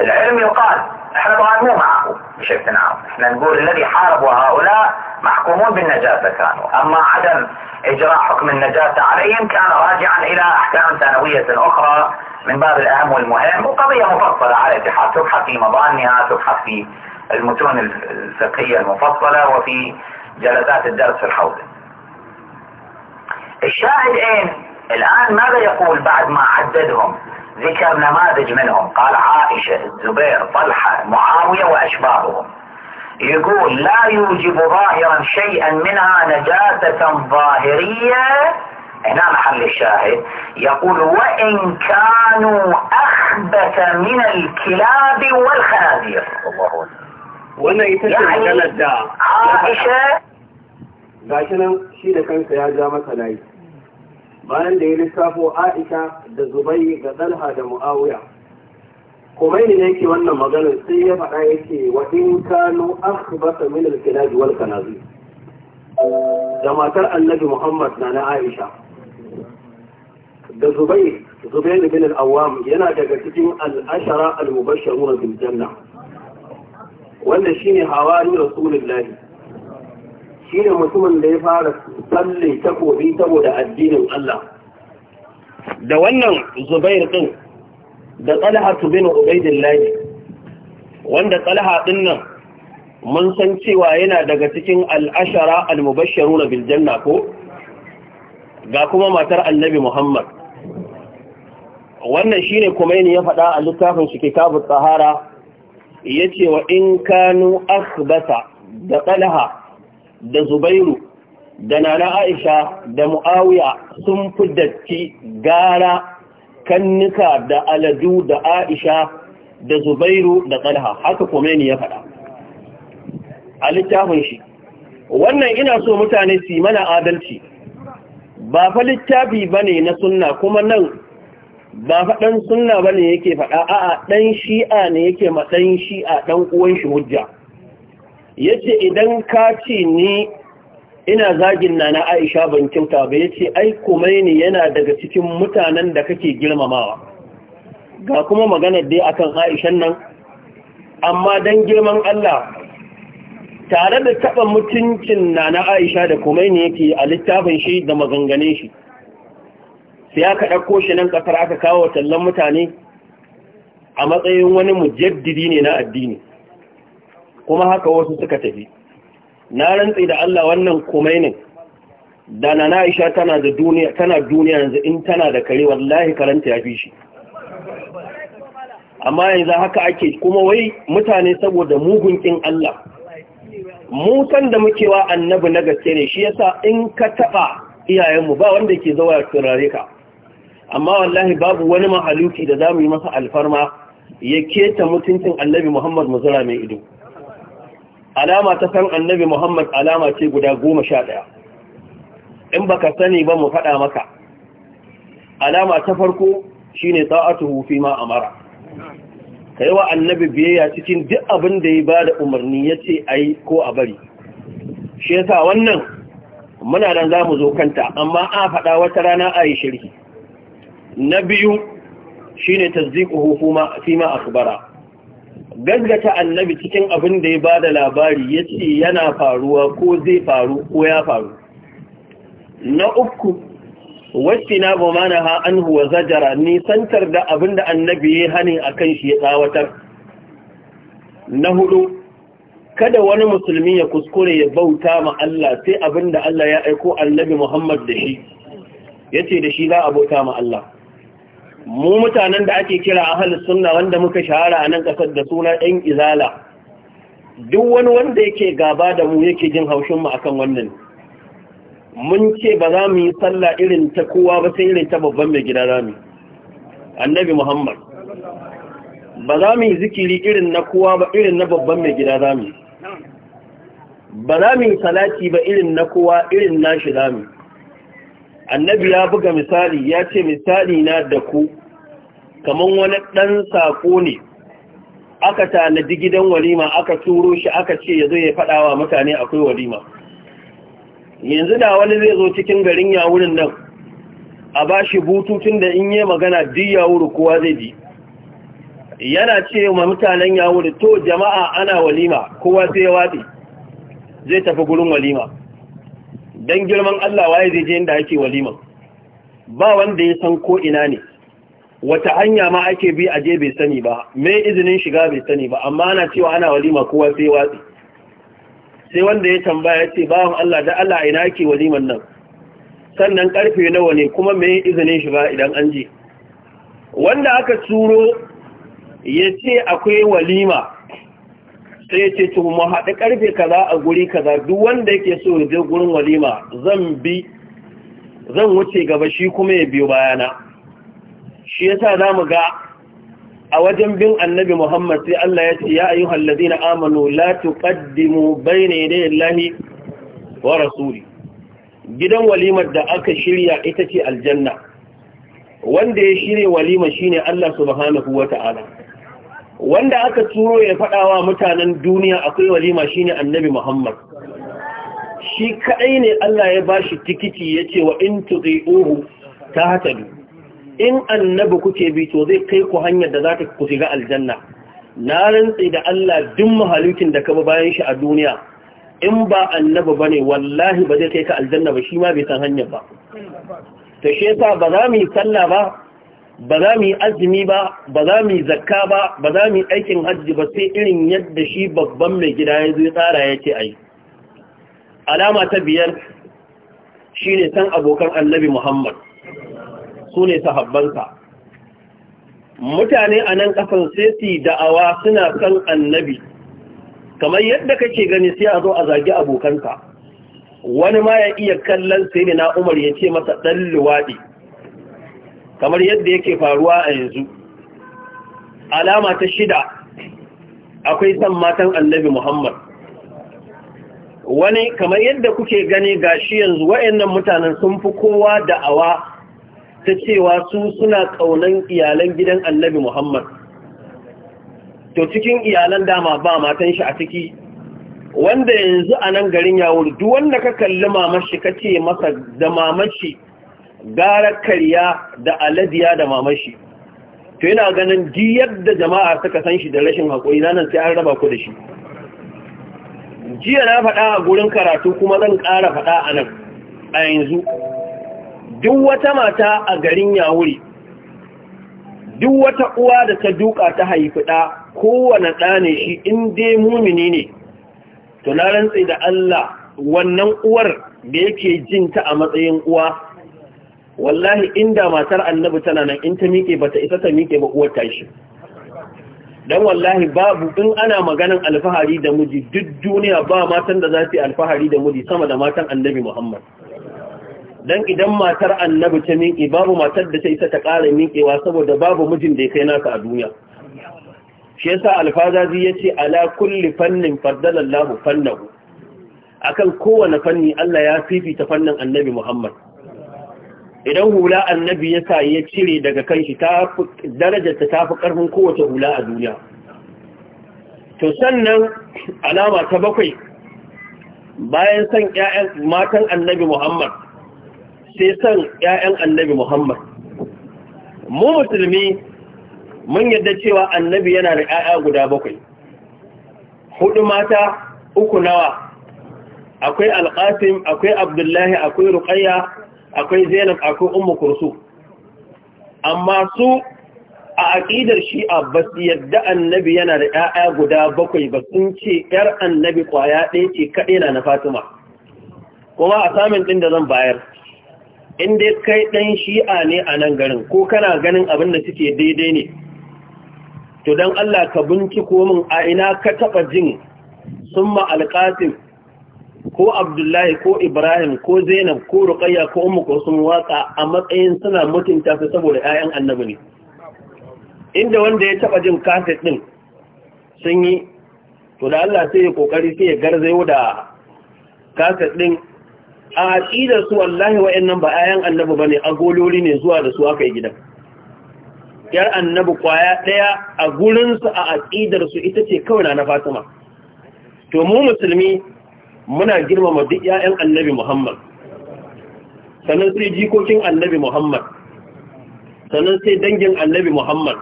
العلم يقال احنا طبعا مو معهم بشكل عام احنا نقول الذي حاربوا هؤلاء محكومون بالنجاسة كانوا اما عدم اجراء حكم النجاسة عليهم كان راجعا الى احكام ثانوية اخرى من باب الاهم والمهم وقضية مفصلة على اتحاد تبحث في مضانها تبحث في المتون الفقهية المفصلة وفي جلسات الدرس في الحوزة الشاهد اين الان ماذا يقول بعد ما عددهم ذكر نماذج منهم قال عائشة الزبير طلحة معاوية وأشباههم يقول لا يوجب ظاهرا شيئا منها نجاسة ظاهرية هنا محل الشاهد يقول وإن كانوا أخبث من الكلاب والخنازير الله يعني عائشة بعد شنو nan shi da kansa bayan da ya lissafo aisha da zubai ga talha da mu'awiya kuma ne yake wannan maganar sai ya faɗa yake wa in kanu akhbata min al wal kanazi da matar annabi muhammad na na aisha da zubai zubair bin al yana daga cikin al-ashara al-mubashsharuna bil janna wanda shine hawari rasulullahi shi ne mutumin da ya fara tsalle takobi saboda addinin Allah da wannan zubair din da talha bin ubaidullahi wanda talha din nan mun san cewa yana daga cikin al'ashara al na biljanna janna ko ga kuma matar annabi Muhammad wannan shine kuma ya faɗa a littafin shi kitabut tsahara ce wa in kanu akhbata da talha da zubairu da nana aisha da mu'awiya sun fi datti gara kannuka da aladu da aisha da zubairu da talha haka komeni ya faɗa a littafin shi wannan ina so mutane su mana adalci ba fa littafi bane na sunna kuma nan ba faɗan sunna bane yake faɗa a'a ɗan shi'a ne yake ma shi'a ɗan uwan shi hujja yace idan ka ce ni ina zagin Nana Aisha ban kyauta ba yace ai ne yana daga cikin mutanen da kake girmamawa ga kuma maganar dai akan Aishan nan amma dan girman Allah tare da taɓa mutuncin Nana Aisha da ne yake a littafin shi da maganganun shi sai aka ɗauko shi nan ƙasar aka kawo tallan mutane a matsayin wani mujaddidi ne na addini kuma haka wasu suka tafi na rantsi da Allah wannan komai da na Aisha tana da duniya tana duniya yanzu in tana da kare wallahi karanta yafi shi amma yanzu haka ake kuma wai mutane saboda mugun kin Allah Mu san da muke wa annabi na gaske ne shi yasa in ka taba iyayenmu ba wanda ke zawa turare ka amma wallahi babu wani mahaluki da zamu yi masa alfarma ya keta mutuncin annabi Muhammad Muzira mai ido alama ta san annabi Muhammad alama ce guda goma sha ɗaya in ba ka sani ba mu faɗa maka alama ta farko shi shine ta'atuhu hufi ma Ka kai wa annabi biyayya cikin duk abin da ya ba da umarni ya ce ayi ko a bari shi yasa wannan muna nan mu zo kanta amma a faɗa wata rana a ayi shirki na biyu shine tasdiquhu fi ma akhbara gaggata annabi cikin abin da ya bada labari ya ce yana faruwa ko zai faru ko ya faru na uku wacce na ba ha an huwa zajara nisantar da abin da annabi ya hane a kan shi ya tsawatar na hudu kada wani musulmi ya kuskure ya bauta ma Allah sai abin da Allah ya aiko annabi Muhammad da shi ya ce da shi za a bauta ma Allah mu mutanen da ake kira ahlus sunna wanda muka shahara a nan kasar da suna ɗan izala duk wani wanda yake gaba da mu yake jin haushin mu akan wannan mun ce ba za mu yi sallah irin ta kowa ba sai irin ta babban mai gida rami annabi muhammad ba za mu yi zikiri irin na kowa ba irin na babban mai gida rami ba za mu yi salati ba irin na kowa irin nashi rami annabi ya buga misali ya ce misali na da ku kamar wani ɗan saƙo ne aka tanadi gidan walima aka turo shi aka ce ya zo ya faɗawa mutane akwai walima yanzu da wani zai zo cikin garin yawurin nan a ba shi bututun da in yi magana duk yawuru kowa zai ji yana ce ma mutanen yawuri to jama'a ana walima kowa sai ya waɗe zai tafi gurin walima don girman Allah waye zai je inda ake waliman ba wanda ya san ko ina ne wata hanya ma ake bi aje bai sani ba me izinin shiga bai sani ba amma ana cewa ana walima kowa sai watsi sai wanda ya tambaya ce bawan Allah da Allah ina ake waliman nan sannan karfe nawa ne kuma me izinin shiga idan an je wanda aka turo ya ce akwai walima sai ya ce to mu haɗu ƙarfe kaza a guri kaza duk wanda yake so ya je gurin walima zan bi zan wuce gaba shi kuma ya biyo bayana shi yasa mu ga a wajen bin annabi Muhammad sai Allah ya ce ya ayyuhal ladina amanu la tuqaddimu bayna yaday wa rasuli gidan walimar da aka shirya ita ce aljanna wanda ya shirya walima shine Allah subhanahu wata'ala wanda aka turo ya faɗawa mutanen duniya akwai walima shine annabi Muhammad shi kadai ne Allah ya bashi tikiti yace wa in ta tahtadu in annabi kuke bi to zai kai ku hanyar da zaka ku shiga aljanna na rantsi da Allah duk mahalukin da ka ba bayan shi a duniya in ba annabi bane wallahi ba zai kai ka aljanna ba shi ma bai san hanyar ba ta shi ba za mu yi sallah ba ba za mu yi azumi ba ba za mu yi zakka ba ba za mu yi aikin hajji ba sai irin yadda shi babban mai gida ya zo tsara ya ce yi. alama ta biyar shi ne san abokan annabi muhammad su ne sahabbansa mutane a nan ƙasan sai su da'awa suna san annabi kamar yadda kake gani sai a zo a zagi abokanka wani ma ya iya kallon sai na umar ya ce masa ɗan luwaɗi kamar yadda yake faruwa a yanzu alama ta shida akwai san matan annabi Muhammad wani kamar yadda kuke gani ga shi yanzu wayannan mutanen sun fi kowa da'awa ta cewa su suna ƙaunan iyalan gidan annabi Muhammad to cikin iyalan dama ba matan shi a ciki wanda yanzu a nan garin yawon duk wanda ka kalli mamashi shi ce masa da mamashi shi gara karya da aladiya da mamashi to yana ganin ji yadda jama'a suka san shi da rashin haƙuri nan sai an raba ku da shi jiya na faɗa a gurin karatu kuma zan ƙara faɗa a nan a yanzu duk wata mata a garin yawuri duk wata uwa da ta duka ta haifi ɗa kowane ɗa ne shi in dai mumini ne to na rantse da Allah wannan uwar da yake jinta a matsayin uwa wallahi inda matar annabi tana nan in ta miƙe ba ta isa ta miƙe ba uwar shi. dan wallahi babu in ana maganar alfahari da miji duk duniya ba matan da za su yi alfahari da miji sama da matan annabi Muhammad dan idan matar annabi ta miƙe babu matar da ta isa ta ƙara miƙewa saboda babu mijin da ya kai nasa a duniya shi yasa alfazazi ce ala kulli fannin faddalallahu fannahu akan kowane fanni Allah ya fifita fannin annabi Muhammad idan hula annabi ya sa ya cire daga kanshi darajar ta fi karfin kowace hula a duniya to sannan alama ta bakwai bayan son ƴaƴan matan annabi Muhammad sai son yayan annabi Muhammad mu musulmi mun yadda cewa annabi yana da 'ya'ya guda bakwai hudu mata uku nawa akwai alƙasim akwai abdullahi akwai ruƙayya akwai zainab akwai ummu kursu amma su a aƙidar shi'a ba su yadda annabi yana da 'ya'ya guda bakwai ba sun ce 'yar annabi ƙwaya ɗaya ce kaɗai na na fatima kuma a samun ɗin da zan bayar in dai kai ɗan shi'a ne a nan garin ko kana ganin abin da suke daidai ne to don allah ka binciko min a ina ka taɓa jin sun ma alƙasim ko abdullahi ko ibrahim ko zainab ko ruqayya ko ummu kulsum waka a matsayin suna mutunta su saboda 'ya'yan annabi ne inda wanda ya taba jin kaset din sun yi to da Allah sai ya kokari sai ya garzayo da kaset din a aqidar su wallahi wayannan ba 'ya'yan annabi bane agololi ne zuwa da su aka yi gidan yar annabi kwaya daya a gurin su a aqidar su ita ce kawai na Fatima to mu musulmi muna girmama duk 'ya'yan annabi Muhammad sannan sai jikokin annabi Muhammad sannan sai dangin annabi Muhammad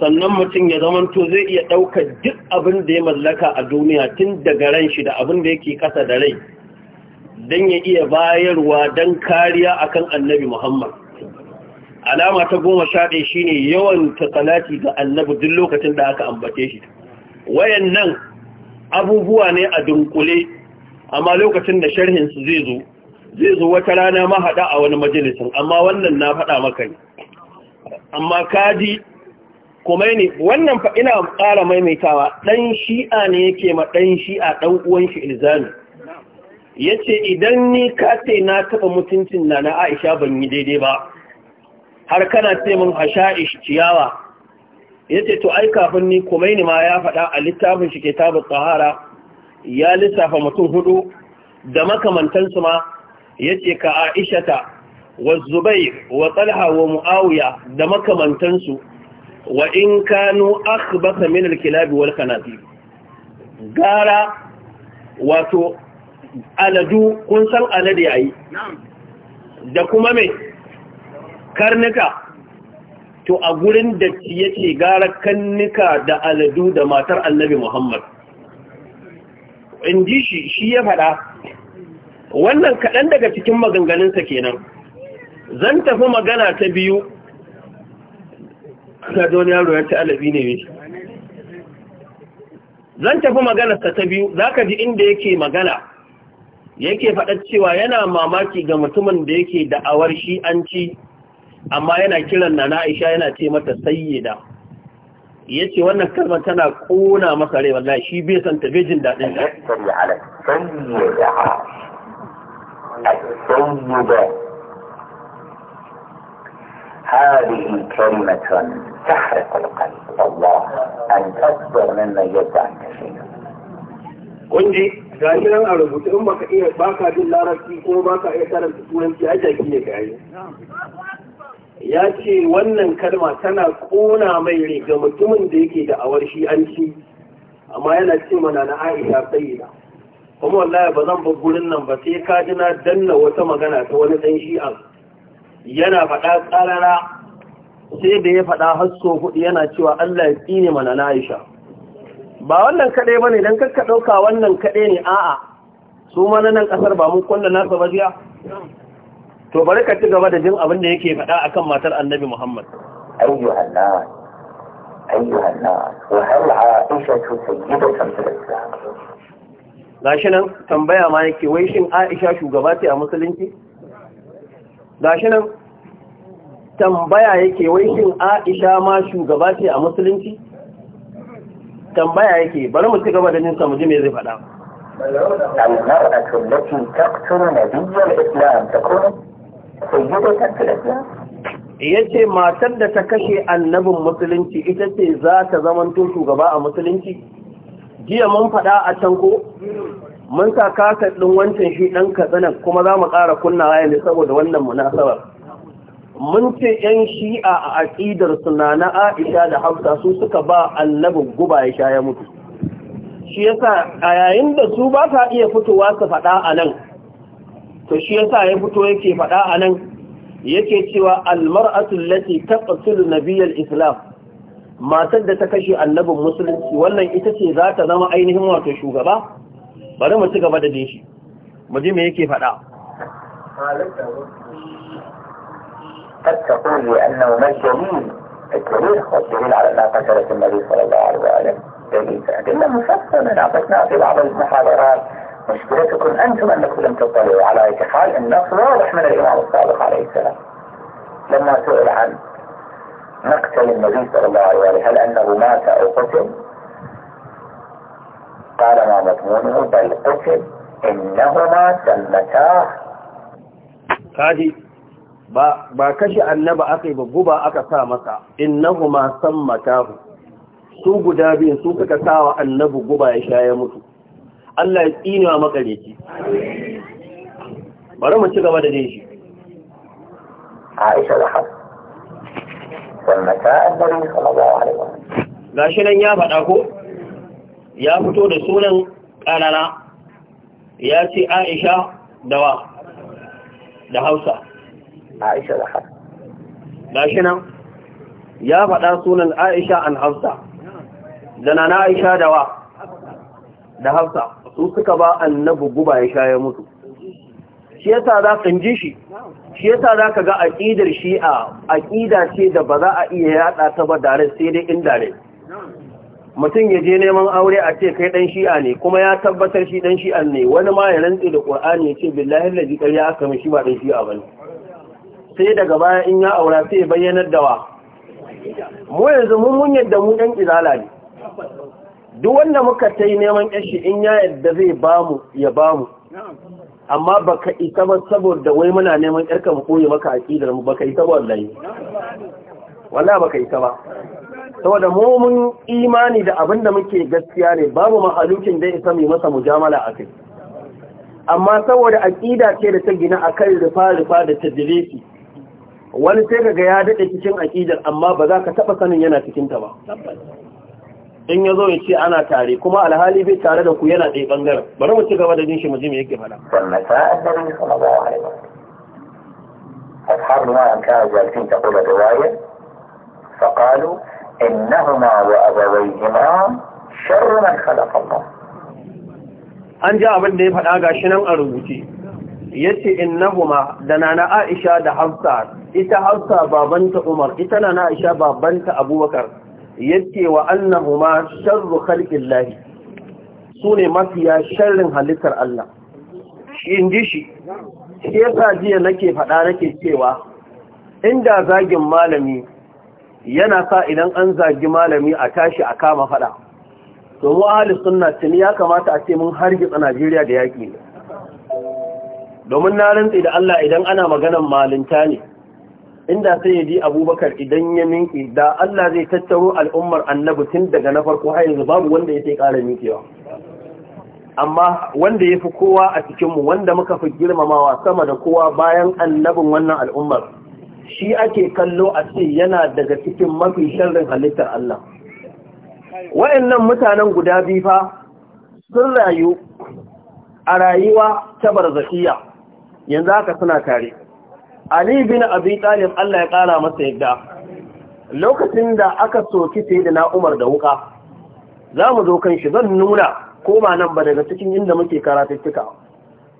sannan mutum ya zamanto zai iya ɗaukar duk abin da ya mallaka a duniya tun daga ran shi da abin da yake kasa da rai don ya iya bayarwa don kariya akan annabi Muhammad. Alama ta goma sha ɗaya shi yawan ta salati ga annabi duk lokacin da aka ambace shi. Wayannan. abubuwa ne a dunkule amma lokacin da sharhin su zai zo zai zo wata rana mahaɗa a wani majalisin amma wannan na faɗa maka ne amma kaji kuma ne wannan fa ina ƙara maimaitawa ɗan shi'a ne yake ma ɗan shi'a ɗan uwan shi ilzami yace idan ni ka ce na taɓa mutuncin Nana Aisha ban yi daidai ba har kana ce min hasha'ish ciyawa ya ce to ai kafin ni ni ma ya faɗa a littafin shi kitabun tsahara ya lissafa mutum hudu da makamantansu ma ya ce ka aishata wa zubai wa Tsalha wa mu'awiya da makamantansu wa in kanu akhbata min al wal kanafi gara wato aladu kun san alade yayi da kuma mai karnuka to a gurin da yake gara kannika da aladu da matar annabi Muhammad in ji shi shi ya faɗa wannan kaɗan daga cikin maganganunsa kenan zan tafi magana ta biyu na don yaro ya ci alabi ne mai zan tafi maganarsa ta biyu za ka ji inda yake magana yake faɗa cewa yana mamaki ga mutumin da yake da'awar shi an ci amma yana kiran na Aisha yana ce mata sayyida yace wannan kalmar tana kona masa rai wallahi shi bai san ta jin dadin ta sayyida ala sayyida sayyida هذه كلمة تحرق القلب الله أن تصبر مما kunji ga shi nan a rubutu in ka iya baka jin larabci ko ka iya karanta turanci ne ga yi ya ce wannan kalma tana kona mai riga mutumin da yake da awar shi an ci amma yana ce mana na aisha da kuma wallahi ba zan bar gurin nan ba sai ka ji na danna wata magana ta wani dan shi'a yana faɗa tsarara sai da ya faɗa hasso hudu yana cewa Allah ya tsine mana na aisha ba wannan kaɗai ba ne don kakka ɗauka wannan kaɗai ne a'a su ma nan ƙasar ba mun kunna nasa ba jiya to bari ka ci gaba da jin abin da yake faɗa akan matar annabi Muhammad ayyuhan nas ayyuhan nas wa hal aisha sayyidatan fil islam nan tambaya ma yake wai shin Aisha shugaba ce a musulunci gashi nan tambaya yake wai shin Aisha ma shugaba ce a musulunci tambaya yake bari mu ci gaba da jin mu ji me zai faɗa المرأة التي تقتل نبي الإسلام تكون ya ce matar da ta kashe annabin musulunci ita ce za ta zamanto shugaba a musulunci jiya mun faɗa a can ko mun sa kasa ɗin wancan shi ɗan katsina kuma za mu ƙara kunna ne saboda wannan munasabar mun ce ‘yan shi'a a aƙidar suna na aisha da Hausa su suka ba annabin guba ya sha ya mutu shi yasa a yayin da su ba ta iya fitowa su faɗa a nan to shi yasa ya fito yake faɗa a nan yake cewa almar'atu allati taqtulu nabiyal islam matar da ta kashe annabin musulunci wannan ita ce za ta zama ainihin wato shugaba bari mu ci gaba da shi mu ji me yake faɗa قد تقول أنه ما الدليل الدليل هو الدليل على أنها قتلت النبي صلى الله عليه وآله دليل أدلة مفصلة أعطيناها في بعض المحاضرات مشكلتكم طيب، أنتم أنكم لم تطلعوا على أي حال النص واضح من الإمام الصادق عليه السلام لما سئل عن مقتل النبي صلى الله عليه وسلم هل أنه مات أو قتل قال ما مضمونه بل قتل إنهما سمتاه هذه ba ba kashi annaba aka yi guba aka sa masa innahuma sammatahu su guda biyu su suka sawa annabi guba ya mutu Allah ya tsini wa makareci bari mu ci gaba da jin shi Aisha da Hafs sannan nan ya faɗa ko ya fito da sunan ƙanana ya ce Aisha dawa da Hausa Aisha da Ga shi nan ya faɗa sunan Aisha an Hausa da na Aisha dawa da Hausa, su suka ba annabi guba ya sha ya mutu shi yasa za ka ji shi shi yasa za ka ga aƙidar shi'a aƙida ce da ba za a iya yada ta ba dare sai dai dare. mutum ya je neman aure a ce kai ɗan shi'a ne kuma ya tabbatar shi dan shi'a ne wani ma ya rantse da ƙur'ani ya ce billahi laji ya aka mishi ba dan shi'a bane sai daga baya in ya aura sai bayyanar da wa mu yanzu mun mun yadda mu ɗan izala ne duk wanda muka ta yi neman ƙashi in ya yadda zai bamu ya bamu amma baka isa ba saboda wai muna neman yarka mu koyi maka aƙidar, mu baka isa wallahi wallahi baka isa ba saboda mu imani da abin da muke gaskiya ne babu mahalukin da isa mai masa mujamala a kai amma saboda aƙida ce da ta gina a kan rufa-rufa da ta tadrisi wani sai kaga ya daɗe cikin aƙidar amma ba za ka taɓa sanin yana cikinta ba in ya zo ya ce ana tare kuma alhali bai tare da ku yana ɗaya ɓangaren bari mu ci gaba da jin shi mu ji me yake faɗa أصحابنا أن كانوا جالسين تقول الرواية فقالوا إنهما وأبويهما شر من خلق الله an ji abin da ya faɗa ga nan a rubuce ya ce innahuma da nana aisha da hafsa ita hafsa babanta umar ita nana aisha babanta abubakar yake wa annahuma sharru khalqillahi sune mafiya sharrin halittar Allah Shin ji shi shi yasa jiya nake faɗa nake cewa inda zagin malami yana sa idan an zagi malami a tashi a kama faɗa to mu ahli sunna tuni ya kamata a ce mun hargitsa Najeriya da yaƙi domin na rantsi da Allah idan ana maganan malinta ne inda sai ya ji abubakar idan ya minki da Allah zai tattaro al'ummar annabi tun daga na farko har yanzu babu wanda ya sai ƙara mikewa amma wanda ya fi kowa a cikinmu wanda muka fi girmamawa sama da kowa bayan annabin wannan al'ummar shi ake kallo a ce yana daga cikin mafi sharrin halittar Allah wa'annan mutanen guda biyu fa sun rayu a rayuwa ta barzakiya yanzu haka suna tare Ali bin Abi Talib Allah ya kara masa yadda lokacin da aka soki sai da na Umar da wuka zamu zo kan shi zan nuna ko ba nan ba daga cikin inda muke karatuttuka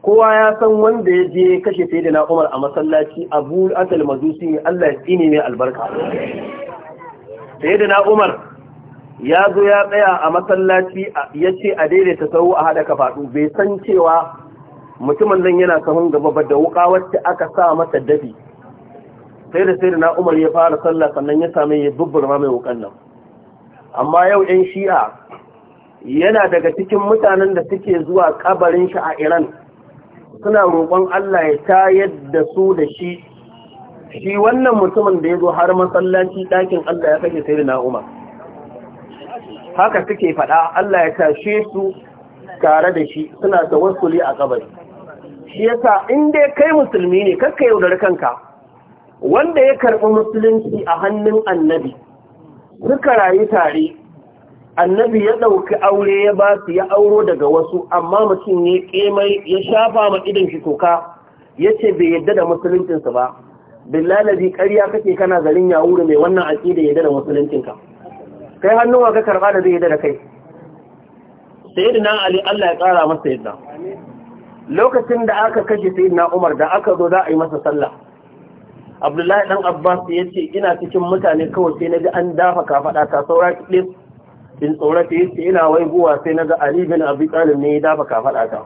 kowa ya san wanda ya je kashe sai da na Umar a masallaci Abu Atal Majusi Allah ya tsine mai albarka sai da na Umar ya zo ya tsaya a masallaci ya ce a daidaita sau a haɗa kafaɗu bai san cewa mutumin nan yana sahun gaba ba da wuka wacce aka sa masa dafi sai da sai da na umar ya fara sallah sannan ya same ya bubburma mai wukan nan amma yau yan shi'a yana daga cikin mutanen da suke zuwa kabarin shi a iran suna roƙon allah ya tayar da su da shi shi wannan mutumin da ya zo har masallaci ɗakin allah ya kashe sai da na umar haka suke faɗa allah ya tashe su tare da shi suna tawassuli a kabari shi yasa in dai kai musulmi ne kakka yaudari kanka wanda ya karɓi musulunci a hannun annabi suka rayu tare annabi ya ɗauki aure ya ba su ya auro daga wasu amma mutum ya ƙemai ya shafa ma idan shi toka ya ce bai yadda da musuluncinsa ba billalabi karya kake kana garin ya wuri mai wannan da yadda da musuluncinka kai hannun ka karɓa da zai yadda da kai sai na ali allah ya ƙara masa yadda lokacin da aka kashe na Umar da aka zo za a yi masa sallah Abdullahi dan Abbas ya ce ina cikin mutane kawai sai na ji an dafa kafada ta saura kidin in tsorata ce ina waibuwa sai ga Ali bin Abi Talib ne ya dafa kafada ta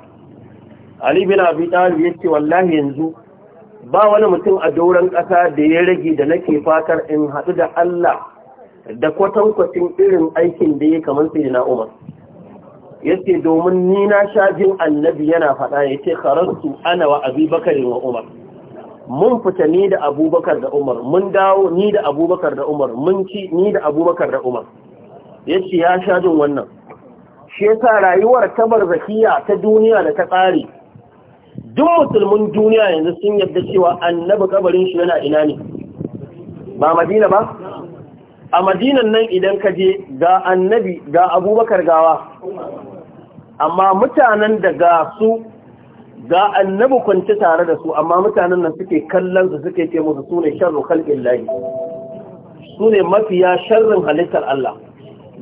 Ali bin Abi Talib ce wallahi yanzu ba wani mutum a doron ƙasa da ya rage da nake fatar in haɗu da Allah da kwatankwacin irin aikin da ya kamar sai na Umar yace domin ni na sha annabi yana faɗa ce kharastu ana wa abubakar wa umar mun fita ni da abubakar da umar mun dawo ni da abubakar da umar mun ci ni da abubakar da umar yace ya sha jin wannan shi yasa rayuwar ta barzakiya ta duniya da ta tsari duk musulmin duniya yanzu sun yarda cewa annabi kabarin shi yana ina ne ba madina ba a madinan nan idan ka je ga annabi ga abubakar gawa amma mutanen da ga su ga annabi kwanci tare da su amma mutanen nan suke kallon su suke ce musu su ne sharru khalqin layi, su ne mafiya sharrin halittar Allah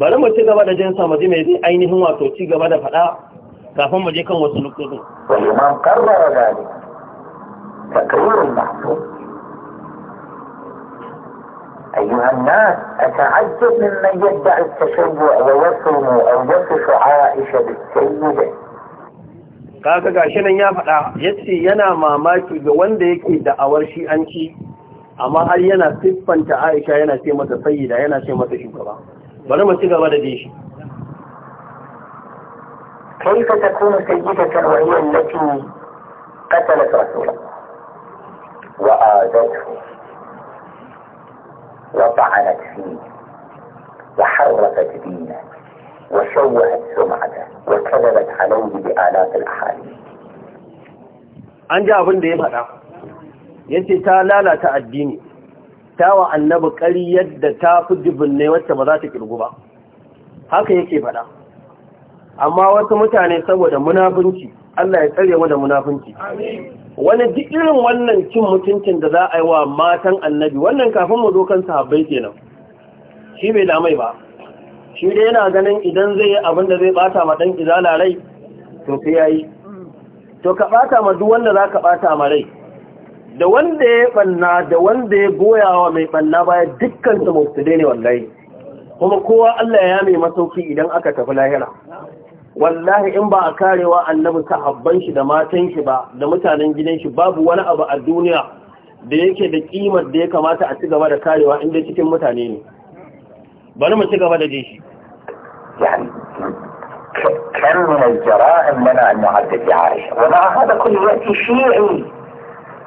bari mu ci gaba da jinsa maji mai zai ainihin wato ci gaba da faɗa kafin mu je kan wasu nukudu imam karrara أيها الناس أتعجب ممن يدعي التشيع ويصم أو يصف عائشة بالسيدة kaga gashi nan ya faɗa yace yana mamaki ga wanda yake da awar shi an ci amma har yana siffanta Aisha yana ce mata sayyida yana ce mata shugaba bari mu ci gaba da dai shi dishi كيف sayyida ta wani lati قتلت rasulullah wa وآذته وطعنت فيه وحرفت دينه وشوهت سمعته وكذبت عليه بآلاف الأحاديث أنجا أبن دي مرة ينتي تالا لا لا تأديني تا وعن نبك لي يد تا قد بني وتبذاتك الغباء هكذا يكي فرح amma wasu mutane saboda munafunci Allah ya tsare mu da munafunci wani duk irin wannan cin mutuncin da za a yi wa matan annabi wannan kafin mu zo kan sahabbai kenan shi bai damai ba shi dai yana ganin idan zai yi abin da zai bata ma dan izala rai to sai yayi to ka bata ma duk wanda zaka bata ma rai da wanda ya banna da wanda ya goya wa mai banna baya dukkan su mutsudai ne wallahi kuma kowa Allah ya mai masauki idan aka tafi lahira wallahi in ba a karewa annabi sahabban shi da matan shi ba da mutanen gidan shi babu wani abu a duniya da yake da kimar da ya kamata a ci gaba da karewa inda cikin mutane ne bari mu ci gaba da jin shi كم من الجرائم منع أن نعدد لعائشة ومع هذا كله يأتي شيعي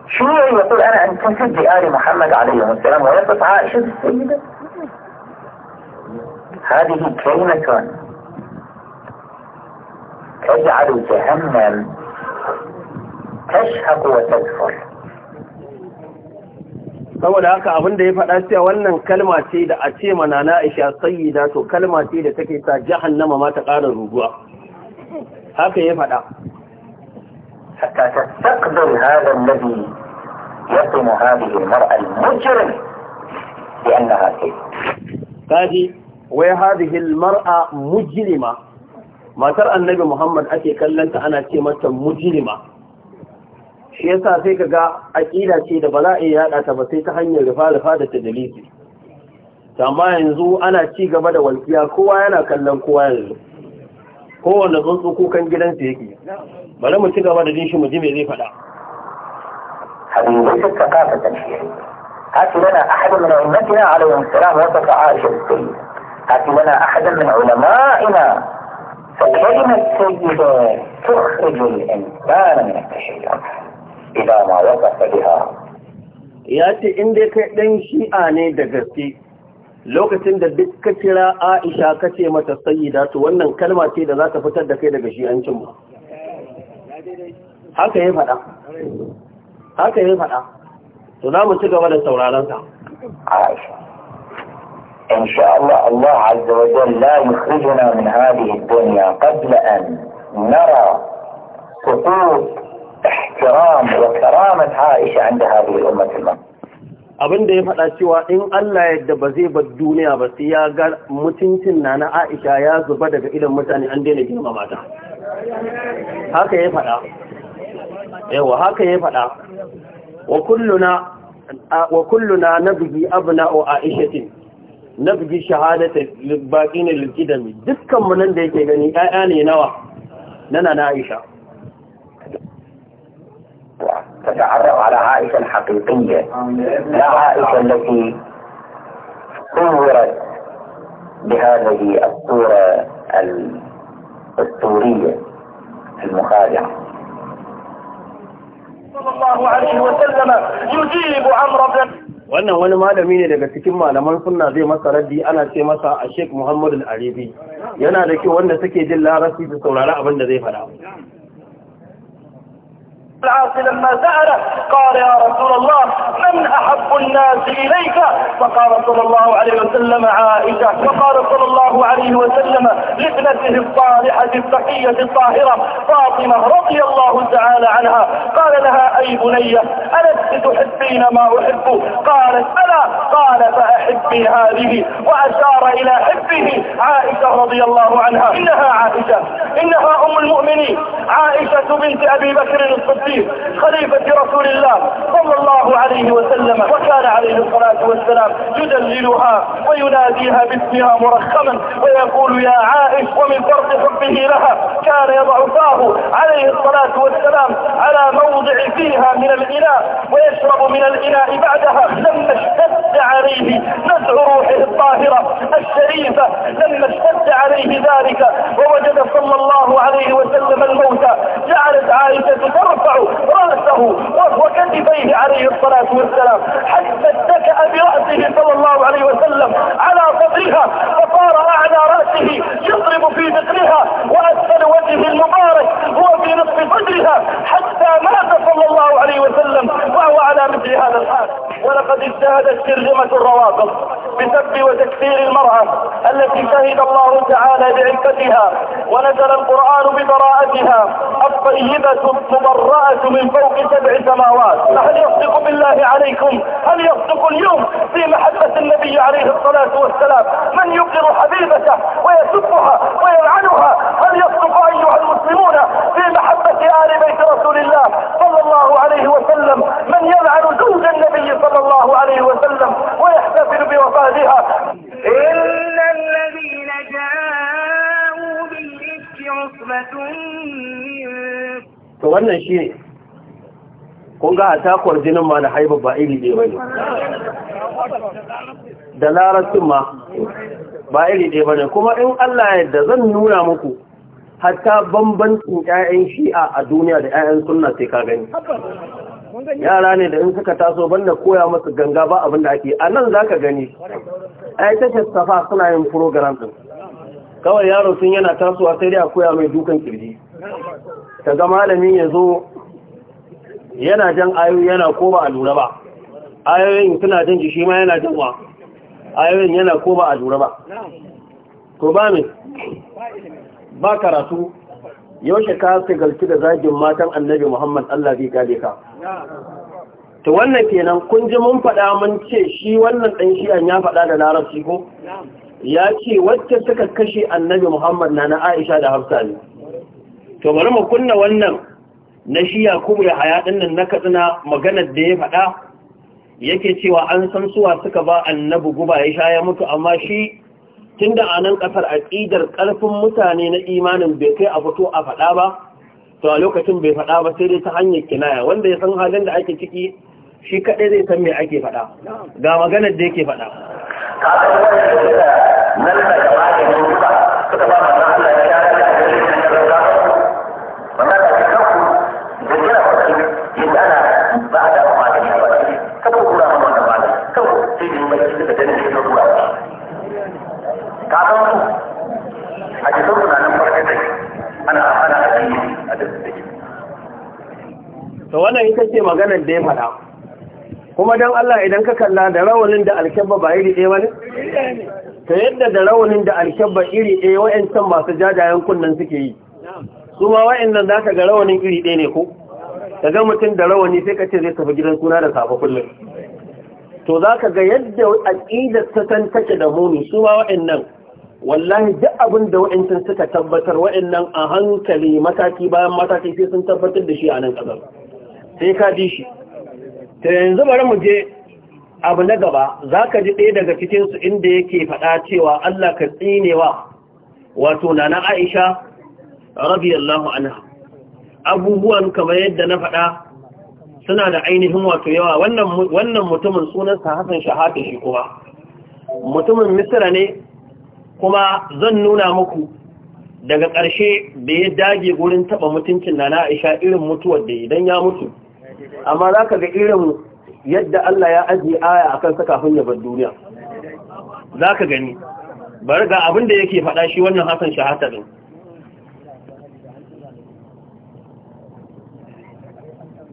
شيعي يقول أنا أنتسب لآل محمد عليه السلام ويصف عائشة السيدة هذه كلمة تجعل جهنم تشهق وتدفر saboda haka abin da ya faɗa cewa wannan kalma ce da a ce mana na isha sayyida to kalma ce da take sa jahannama ma ta ƙara ruguwa haka ya faɗa hatta tastaqbil hadha alladhi yaqum hadhihi almar'a almujrim bi annaha kaji wai hadhihi almar'a mujrima matar annabi muhammad ake kallanta ana ce mata mujrima shi yasa sai ka ga aƙida ce da ba za a iya ta ba sai ta hanyar rufa-rufa da tadalisi amma yanzu ana ci gaba da walƙiya kowa yana kallon kowa yanzu kowane tsuntsu kukan gidansa yake bari mu ci gaba da jin shi mu ji me zai faɗa حديث الثقافة التنشيرية هات لنا أحد من أمتنا عليه السلام وصف عائشة بالسيد هات لنا أحدا من علمائنا فالكلمة الطيبة تخرج الإنسان من التشيع إلى ما وصف بها ya ce in dai kai ɗan shi'a ne da gaske lokacin da duk ka kira aisha ka ce mata sayyida to wannan kalma ce da za ta fitar da kai daga shi'ancin ba haka ya faɗa haka ya faɗa to za mu ci gaba da sauraron sa aisha ان شاء الله الله عز وجل لا يخرجنا من هذه الدنيا قبل ان نرى سقوط احترام وكرامة عائشة عند هذه الأمة المنطقة abin da ya faɗa cewa in Allah ya yadda ba zai bar duniya ba sai ya ga mutuncin na na Aisha ya zuba daga idan mutane an daina girma mata haka ya faɗa yawa haka ya faɗa wa kulluna wa kulluna nabgi abna'u Aishatin nabgi shahadata baki ne lilkidami dukkan mu nan da yake gani ƴaƴa ne nawa nana na Aisha تتعرف على عائشة الحقيقية لا عائشة التي صورت بهذه الصورة الأسطورية المخادعة صلى الله عليه وسلم يجيب عمرو بن wannan wani malami ne daga cikin malaman sunna zai masa raddi ana ce masa a sheik muhammadu al yana da kyau wanda suke jin larabci su saurari abin da zai faɗa العاص لما سأله قال يا رسول الله من أحب الناس إليك فقال صلى الله عليه وسلم عائشة فقال صلى الله عليه وسلم لابنته الصالحة التقية الطاهرة فاطمة رضي الله تعالى عنها قال لها أي بنية ألست تحبين ما أحب قالت ألا قال فأحبي هذه وأشار إلى حبه عائشة رضي الله عنها إنها عائشة إنها أم المؤمنين عائشة بنت أبي بكر الصديق الشريف خليفة رسول الله صلى الله عليه وسلم وكان عليه الصلاة والسلام يدللها ويناديها باسمها مرخما ويقول يا عائش ومن فرط حبه لها كان يضع فاه عليه الصلاة والسلام على موضع فيها من الإناء ويشرب من الإناء بعدها لما اشتد عليه نزع روحه الطاهرة الشريفة لما اشتد عليه ذلك ووجد صلى الله عليه وسلم الموتى جعلت عائشة ترفع رأسه وكتفيه عليه الصلاة والسلام حتى اتكأ برأسه صلى الله عليه وسلم على صدرها فصار أعلى رأسه يضرب في ذكرها وأسفل وجهه المبارك هو في نصف صدرها حتى مات صلى الله عليه وسلم وهو على مثل هذا الحال ولقد اجتهدت ترجمة الروابط بسب وتكفير المرأة التي شهد الله تعالى بعفتها ونزل القرآن ببراءتها الطيبة المبرأة السماوات من فوق سبع سماوات فهل يصدق بالله عليكم هل يصدق اليوم في محبة النبي عليه الصلاة والسلام من يقر حبيبته ويسبها ويلعنها هل يصدق أيها المسلمون في محبة آل بيت رسول الله صلى الله عليه وسلم من يلعن زوج النبي صلى الله عليه وسلم ويحتفل بوفاتها إن الذين جاءوا بالإفك عصبة to wannan shi ne kun ga a takwar jinin ma da haibu ba iri ɗaya bane da Larattun ma ba iri ɗaya bane kuma in Allah yadda zan nuna muku hatta bambancin 'ya'yan shi'a a duniya da 'ya'yan sunna sai ka gani yara ne da in suka taso banda koya masu ganga ba abin da ake a nan za ka gani ai tashar safa suna yin program din kawai yaro sun yana tasowa sai dai a koya mai dukan kirji ka ga malamin ya zo yana jan ayoyi yana ko ba a lura ba ayoyin suna jan shi ma yana jan wa ayoyin yana ko ba a lura ba to ba ba karatu yaushe ka su da zagin matan annabi muhammad allah zai gade ka to wannan kenan kun ji mun faɗa mun ce shi wannan ɗan shi'an ya faɗa da larabci ko ya ce wacce suka kashe annabi muhammad na na aisha da hafsa ne to bari mu kunna wannan na shi yakubu ya haya dinnan na katsina maganar da ya faɗa yake cewa an san suwa suka ba annabi guba ya sha ya mutu amma shi tunda a nan ƙasar aƙidar ƙarfin mutane na imanin bai kai a fito a faɗa ba to a lokacin bai faɗa ba sai dai ta hanyar kinaya wanda ya san halin da ake ciki shi kaɗai zai san me ake faɗa ga maganar da yake faɗa ita ce maganar da ya faɗa kuma don Allah idan ka kalla da rawanin da alkyabba ba iri ɗaya wani ta yadda da rawanin da alkyabba iri ɗaya can masu jajayen kunnen suke yi su ma nan za ka ga rawanin iri ɗaya ne ko ka ga mutum da rawani sai ka ce zai tafi gidan suna da safa kullum to za ka ga yadda aƙidar ta san take da muni su ma nan wallahi duk abin da wa'ancan suka tabbatar nan a hankali mataki bayan mataki sai sun tabbatar da shi a nan ƙasar sai ka ji shi ta yanzu bari mu je abu na gaba za ka ji ɗaya daga cikinsu inda yake faɗa cewa Allah ka tsinewa wato na na aisha radiyallahu anha abubuwan kamar yadda na faɗa suna da ainihin wato yawa wannan mutumin sunansa hasan shahata shi kuma mutumin misira ne kuma zan nuna muku daga ƙarshe da ya dage gurin taɓa mutuncin na na aisha irin mutuwar da idan ya mutu amma za ka ga irin yadda Allah ya ajiye aya a kan kafin ya bar duniya za ka gani bari ga abin da yake faɗa shi wannan hasan shahatarin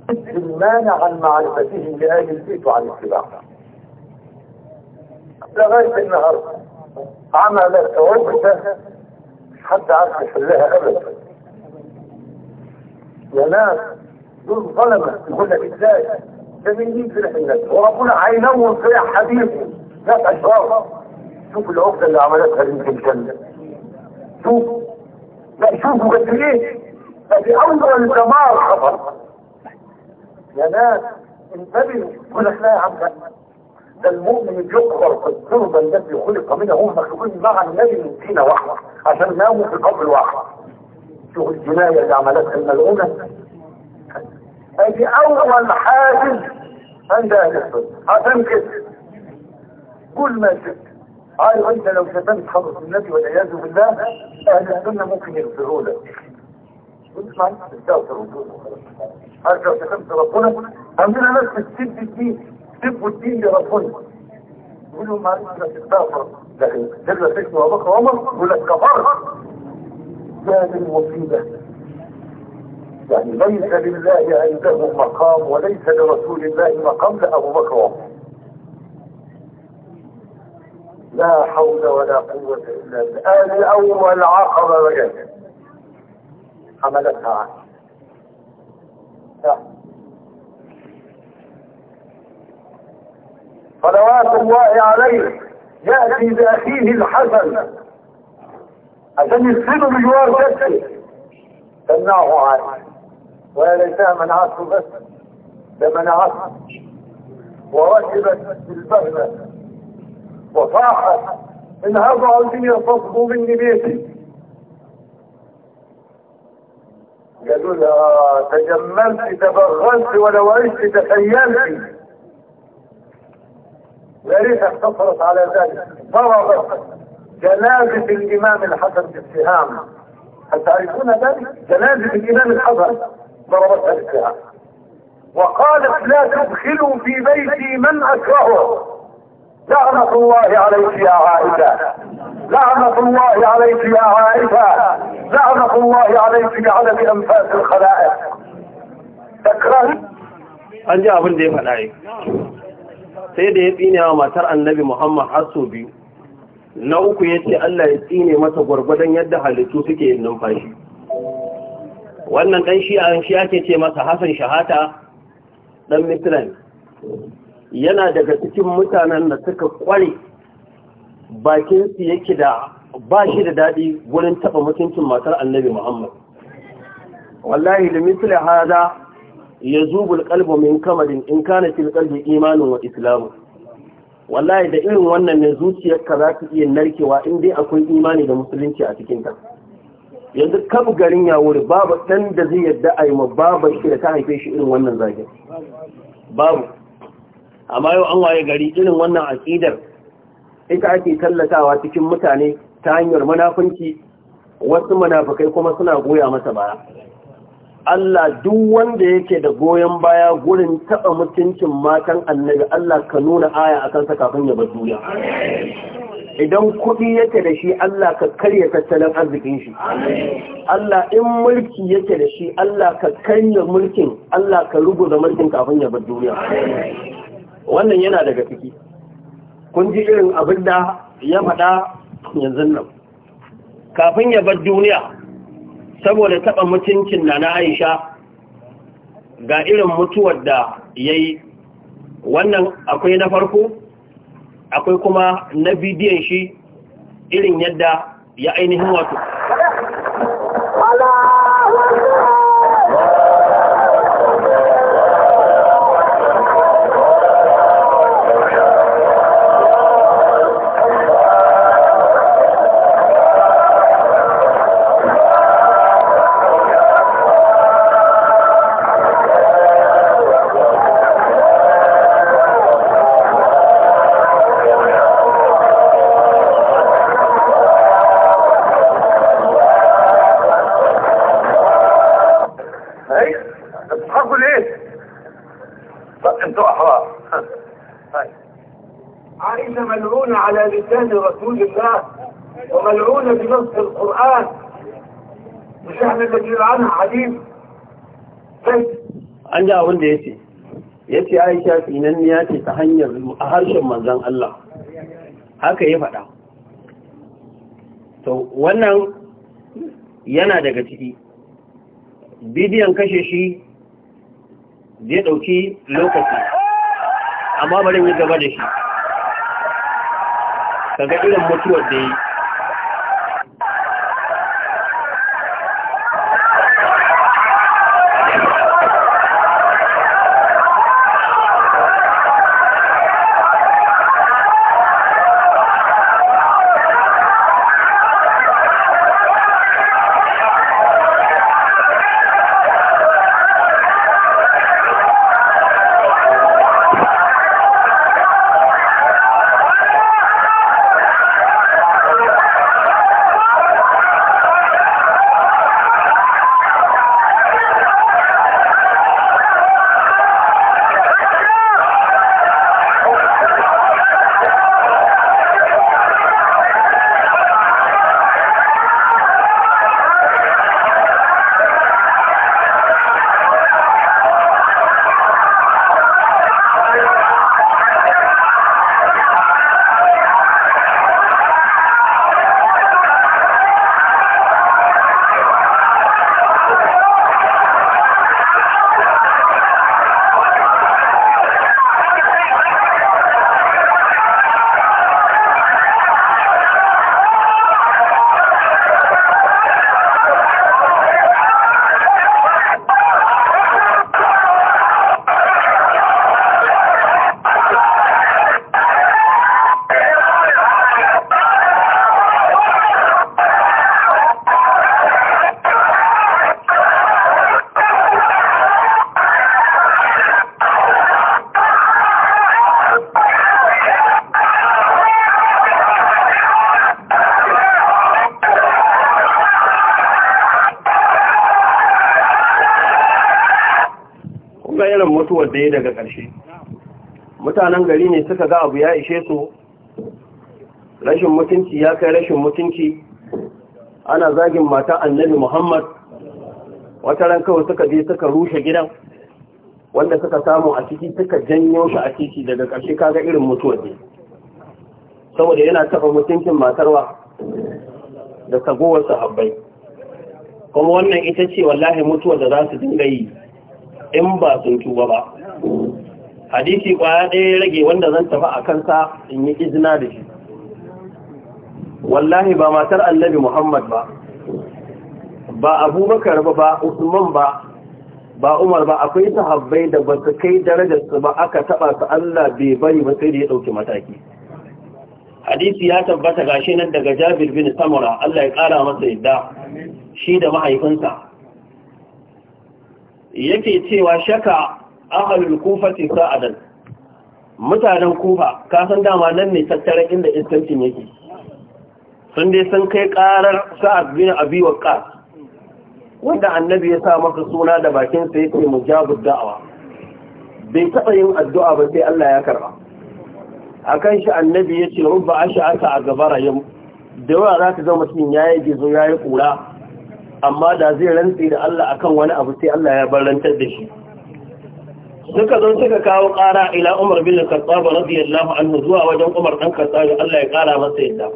حتى المانع عن عارف أبدا يا دول ظلمة يقول لك ازاي ده مين في الناس وربنا هينور فيها حبيبه ناس اشرار شوف العقدة اللي عملتها في الجنة شوف لا شوفوا قد ايه ده أمر الدمار دمار يا ناس انتبهوا يقول لك لا يا عم ده المؤمن يكبر في التربة التي خلق منها هم مخلوقين مع النبي من سينا واحده عشان ناموا في قبر واحد شوف الجناية اللي عملتها الملعونة ادي اول حاجز عند اهل السنه عشان كده كل ما شئت عارف انت لو شتمت حضرة النبي والعياذ بالله اهل السنه ممكن يغفروا لك اسمع استغفر ربنا عارف لو شتمت ربنا عندنا ناس بتسب الدين سبوا الدين لربنا يقولوا ما عرفنا تستغفر لكن تبقى تسمع ابو بكر عمر يقول لك كفرت هذه المصيبه يعني ليس لله عنده مقام وليس لرسول الله مقام لأبو بكر وعمر لا حول ولا قوة إلا بالله الأول عقبة وجد حملتها عنه نعم. صلوات الله عليه يأتي بأخيه الحسن عشان يصيدوا بجوار جسده تمنعه عنه ويا ليتها منعته بس ده منعته وركبت بالبغلة وصاحت ان هذا عندي تصبوا مني بيتي قالوا آه، لها تجملت تبغلت ولو عشت تخيلت يا ريتها اقتصرت على ذلك ضربت جنازة الامام الحسن بالسهام هل تعرفون ذلك جنازة الامام الحسن ضربتها أجلها وقالت لا تدخلوا في بيتي من أكرهه لعنة الله عليك يا عائشة لعنة الله عليك يا عائشة لعنة الله عليك على أنفاس الخلائق تكره ان جاء ديفا لعيك سيدي يبيني وما ترى النبي محمد حسوبي. لو na ألا yace ما ya tsine يدها gurgurdan yadda halittu suke wannan ɗan shi'an shi ke ce masa Hassan shahata ɗan mitran yana daga cikin mutanen da suka ƙware bakinsu yake da ba shi da daɗi wurin taɓa mutuncin matar annabi muhammad wallahi da haza ya zubul kalbo min kamarin in kana fil kalbi imanin wa islamu wallahi da irin wannan ne zuciyarka za ta iya narkewa in dai akwai imani da musulunci a cikinta. ta yanzu kaf garin ya wuri babu ɗan da zai yadda a yi ma baban shi da ta haife shi irin wannan zagin babu amma yau an waye gari irin wannan aƙidar ita ake tallatawa cikin mutane ta hanyar munafunci wasu munafukai kuma suna goya masa baya Allah duk wanda yake da goyon baya gurin taɓa mutuncin matan annabi Allah ka nuna aya akan sa kafin ya bar duniya idan kuɗi yake da shi Allah ka karya tattalin arzikin shi Allah in mulki yake da shi Allah ka karya mulkin Allah ka rubuta mulkin kafin ya bar duniya wannan yana daga ciki kun ji irin abin da ya faɗa yanzu nan kafin ya bar duniya saboda taɓa mutuncin na na Aisha ga irin mutuwar da ya yi wannan akwai na farko akwai kuma na bidiyon shi irin yadda ya ainihin wato الله وملعونة بنص القرآن مش احنا عنها حديث an ji abin da ya ce ya ce aisha finan ya ce ta hanyar a harshen manzan Allah haka ya faɗa to wannan yana daga ciki bidiyon kashe shi zai ɗauki lokaci amma bari mai gaba da shi kaga irin mutuwar da yi ga irin mutuwar da ya daga ƙarshe mutanen gari ne suka ga abu ya ishe su rashin mutunci ya kai rashin mutunci ana zagin mata annabi muhammad wata ran kawai suka je suka rushe gidan wanda suka samu a ciki suka janyo shi a ciki daga ƙarshe kaga irin mutuwar ne saboda yana taɓa mutuncin matarwa da sagowar sahabbai kuma wannan ita ce wallahi mutuwar da za su dinga yi in ba sun tuba ba hadisi kwaya ɗaya rage wanda zan tafi a kansa in yi izina da shi wallahi ba matar annabi muhammad ba ba abubakar ba ba usman ba ba umar ba akwai sahabbai da ba su kai darajarsu ba aka taba su allah bai bari ba sai da ya ɗauki mataki hadisi ya tabbata gashi nan daga jabir bin samura allah ya ƙara masa yadda shi da mahaifinsa yake cewa shaka ahalul kufati sa'adan mutanen kufa kasan dama nan ne tattare inda iskancin yake sun dai sun kai karar sa'ad bin abi waqqas wanda annabi ya sa maka suna da bakin sa yake mujabud da'awa bai taba yin addu'a ba sai Allah ya karba akan shi annabi ya ce rubba ash'ata a gaba rayu. da yawa za zaka zama mutum yayi gizo yayi kura amma da zai rantsi da Allah akan wani abu sai Allah ya barantar da shi suka zo suka kawo ƙara ila Umar bin Khattab radiyallahu anhu zuwa wajen Umar dan Khattab Allah ya ƙara masa yadda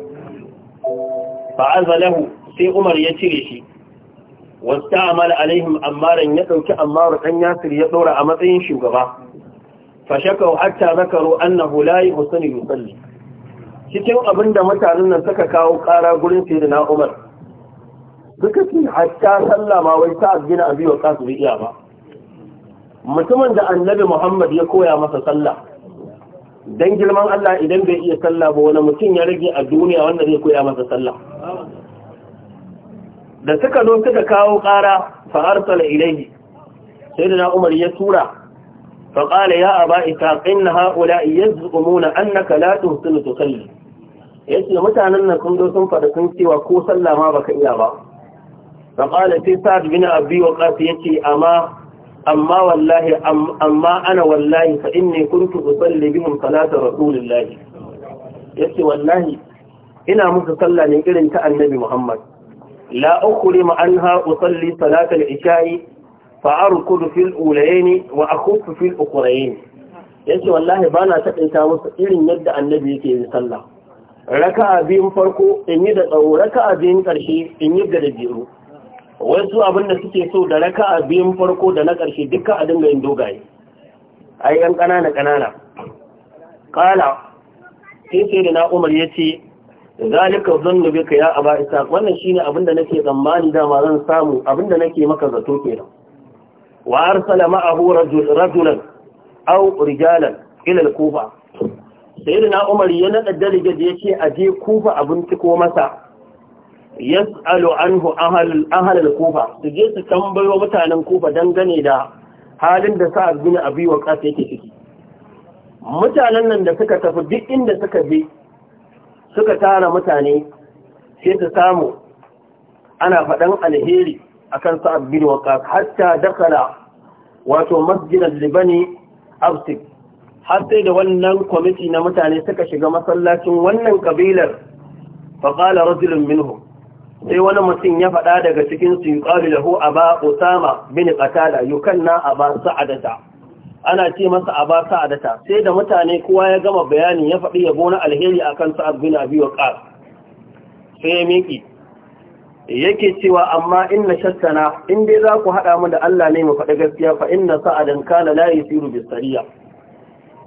fa azalahu sai Umar ya cire shi wasta'amala alaihim ammaran ya dauki ammaru dan Yasir ya dora a matsayin shugaba fa shakau hatta zakaru annahu la yusalli cikin abinda mutanen nan suka kawo ƙara gurin sayyidina Umar suka ce hatta sallah ma wai sa'ad bin abi wa kasu bi iya ba mutumin da annabi muhammad ya koya masa sallah dan girman Allah idan bai iya sallah ba wani mutum ya rage a duniya wanda zai koya masa sallah da suka zo suka kawo ƙara fa'arsala ilaihi sai da na umar ya tura فقال يا أبا إسحاق إن هؤلاء يزعمون أنك لا تحسن yace mutanen nan sun zo sun faɗa sun cewa ko sallah ma baka iya ba فقال في سعد بن أبي وقاس يتي أما أما والله أم أما أنا والله فإني كنت أصلي بهم صلاة رسول الله يتي والله إنا متصلى نقرن النبي محمد لا أخرم عنها أصلي صلاة العشاء فأركض في الأولين وأخف في الأخرين يتي والله بانا تقنتا مستقيل يبدأ النبي كي يصلى raka'a biyun farko in yi da tsawo raka'a biyun ƙarshe in yi da jeru wasu abin da suke so da raka a biyun farko da na ƙarshe dukkan a dinga yin dogaye a yi ‘yan ƙanana ƙanana ƙala sai sai da na umar ya ce zalika zan nabi ka ya aba isa wannan shine abin da nake tsammani dama zan samu abin da nake maka zato kenan wa arsala ma'ahu rajulan aw rijalan ila al-kufa sayyidina umar ya nada daligar da yace aje kufa abin tiko masa yas'alu anhu ahal ahal kufa su su tambayo mutanen kufa dangane da halin da sa bin abi waqas yake ciki mutanen nan da suka tafi duk inda suka bi suka tara mutane sai su samu ana faɗan alheri akan sa bin waqas hatta dakala wato masjidan libani absik har sai da wannan kwamiti na mutane suka shiga masallacin wannan kabilar faƙala rajulun minhum sai wani mutum ya faɗa daga cikin su yi lahu aba Osama bin qatada a ba sa'adata ana ce masa ba sa'adata sai da mutane kowa ya gama bayani ya faɗi yabo na alheri a kan sa'ad bin abi sai ya miki yake cewa amma inna shattana in dai za ku haɗa mu da Allah ne mu faɗi gaskiya fa inna sa'adan kana la yusiru bis sariya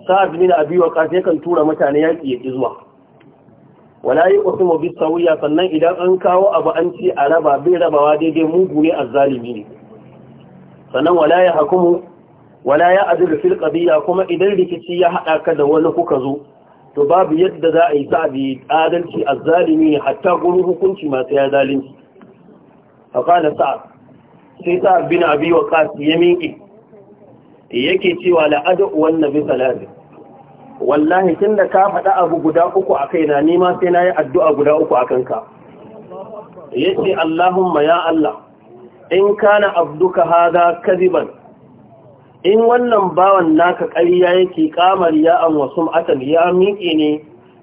sa'ad bin abi waqas yakan tura mutane yaki yaki zuwa wala yi wasu mabi sauya sannan idan an kawo abu an ce a raba bai rabawa daidai mugu ne a zalimi ne sannan wala ya hakumu wala ya kuma idan rikici ya haɗa ka da wani kuka zo to babu yadda za a yi sa'abi adalci a zalimi ne hatta gurin hukunci masu ya zalunci A qala sa, sai sa'ad bin abi kasi ya miƙe yake cewa la ad'u wan nabi wallahi tunda ka faɗa abu guda uku a kaina ni ma sai yi addu'a guda uku a kanka yace Allahumma ya Allah in kana abduka hada kadiban in wannan bawan naka karya yake kamar ya an wasu atan ya miƙe ne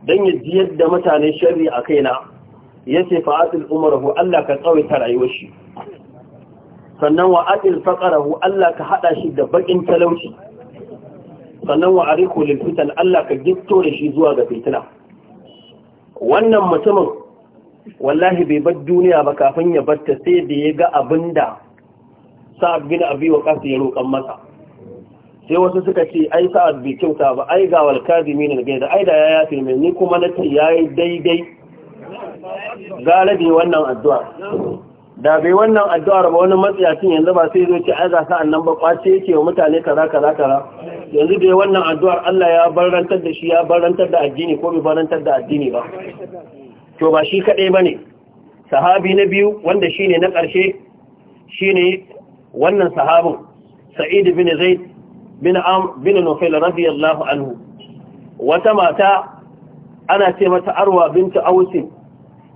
dan ya ji yadda mutane sharri a kaina yace fa'atil umruhu Allah ka ta rayuwar shi sannan wa'atil faƙarahu Allah ka haɗa shi da baƙin talauci sannan wa ariku lil Allah ka gitto da shi zuwa ga fitina wannan mutumin wallahi bai bar duniya ba kafin ya batta sai da ya ga abinda sa'ad bin abi waqas ya roƙan masa sai wasu suka ce ai sa'ad bai kyauta ba ai ga wal ne ga da ai da yaya fi mai, ni kuma na ce yayi daidai galabi wannan addu'a da bai wannan addu'ar ba wani matsayacin yanzu ba sai zo ce ai ga sa'an nan ba kwace yake wa mutane kaza kaza kaza yanzu dai wannan addu'ar Allah ya barantar da shi ya barantar da addini ko bai barantar da addini ba to ba shi kadai bane sahabi na biyu wanda shine na karshe shine wannan sahabin Sa'id bin Zaid bin Am bin Nufail radiyallahu anhu wata mata ana ce mata Arwa bint Ausin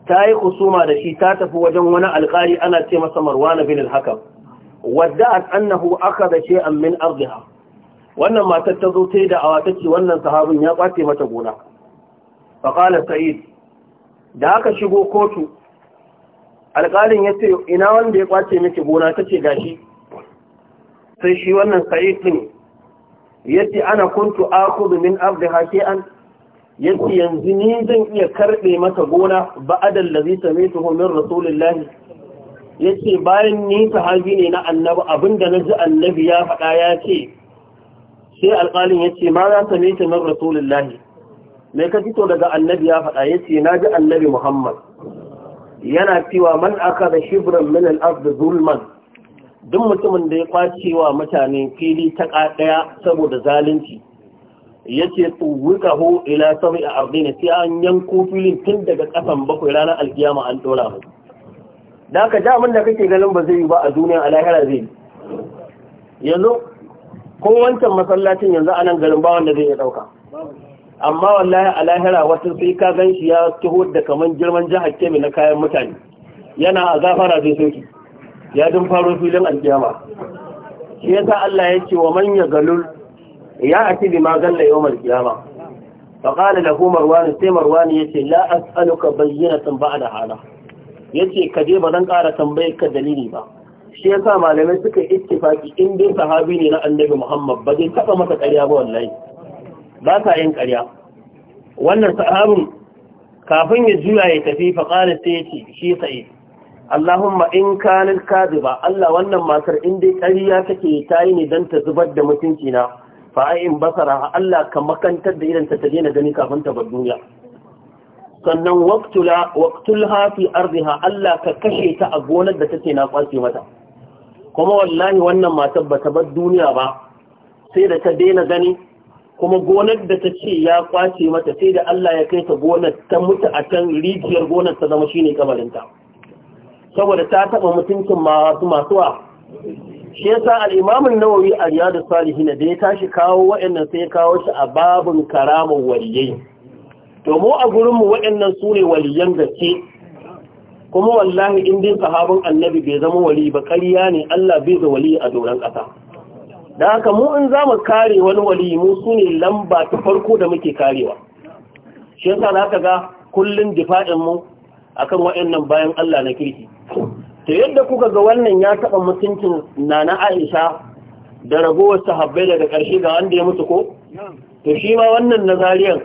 ta yi kusuma da shi ta tafi wajen wani alƙari ana ce masa marwana bin al-hakam wadda a annahu aka da ce an min arziha wannan matar ta zo ta yi da awa ta ce wannan sahabin ya ƙwace mata gona faƙala sa'id da aka shigo kotu alƙalin ya ce ina wanda ya ƙwace miki gona ta ce gashi sai shi wannan sa'id ɗin Yadda ana kuntu akudu min arziha ke an. yace yanzu ni zan iya karbe maka gona ba'adal ladhi sami'tuhu min rasulillahi yace bayan ni sahabi ne na annabi abinda naji annabi ya faɗa ya ce sai alƙalin yace ma za sami'tu min rasulillahi me ka fito daga annabi ya faɗa yace naji annabi Muhammad yana cewa man akada shibran min al-ard zulman duk mutumin da ya kwace wa mutane fili ta ɗaya saboda zalunci yace tuwuqahu ila a ardina sai an yanko filin tun daga kasan bakwai ranar alkiyama an dora mu da ka ja da kake ganin ba zai yi ba a duniya a lahira zai yi yanzu ko wancan masallacin yanzu anan nan garin ba wanda zai iya dauka amma wallahi a lahira wata sai ka gan shi ya taho da kaman girman jihar kebe na kayan mutane yana a gafara zai soki ya dun faro filin alkiyama shi yasa Allah ya ce wa man ya ati bi ma galla yawmal qiyama fa qala lahu marwan sai marwan yace la bayyana bayyinatan da hala yace ka je ba zan ƙara tambayar ka dalili ba shi sa malamai suka yi ittifaki in dai sahabi ne na annabi Muhammad ba zai taba masa karya ba wallahi ba sa yin karya? wannan sahabin kafin ya juya ya tafi fa qala sai yace shi sai Allahumma in kanil kadiba Allah wannan matar in dai ƙarya take tayi ne dan ta zubar da mutunci na fa'ayin basara Allah ka makantar da idanta ta daina gani kafin ta bar duniya sannan waqtulha fi ha Allah ka kashe ta a gonar da take na kwace mata kuma wallahi wannan matar bata bar duniya ba sai da ta daina gani kuma gonar da ta ce ya kwace mata sai da Allah ya kai ta gonar ta mutu a can rijiyar gonar ta zama shi ne kabarinta saboda ta taɓa mutuncin masu masuwa shi yasa al-Imam nawawi a Riyadus Salihin da ya tashi kawo waɗannan sai ya kawo shi a babun karamun waliyai to mu a gurinmu waɗannan su ne waliyan gaske kuma wallahi in din sahabin annabi bai zama wali ba ƙarya ne Allah bai da wali a doron ƙasa da haka mu in za mu kare wani wali mu su ne lamba ta farko da muke karewa shi yasa na ga kullum difa'in mu akan waɗannan bayan Allah na kirki ta yadda kuka ga wannan ya taɓa mutuncin nana aisha da ragowar sahabbai daga ƙarshe ga wanda ya mutu ko to shi ma wannan nazariyan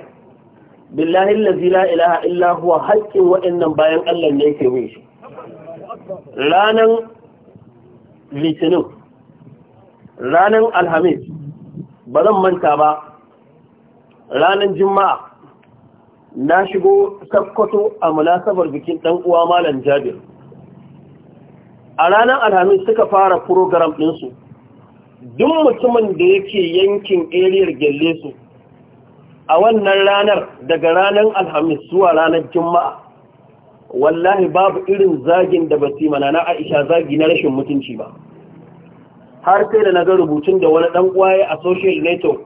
billahi lazila ilaha Illahuwa, huwa haƙƙin waɗannan bayan Allah ne yake wuce ranar litinin ranan alhamis ba zan manta ba ranar juma'a na shigo sakkwato a munasabar bikin ɗan uwa malam jabir a ranar alhamis suka fara program ɗinsu duk mutumin da yake yankin eriyar gyalle su a wannan ranar daga ranar alhamis zuwa ranar juma'a wallahi babu irin zagin da basi mana na aisha zagi na rashin mutunci ba har sai da naga rubutun da wani ɗan kwaye a social network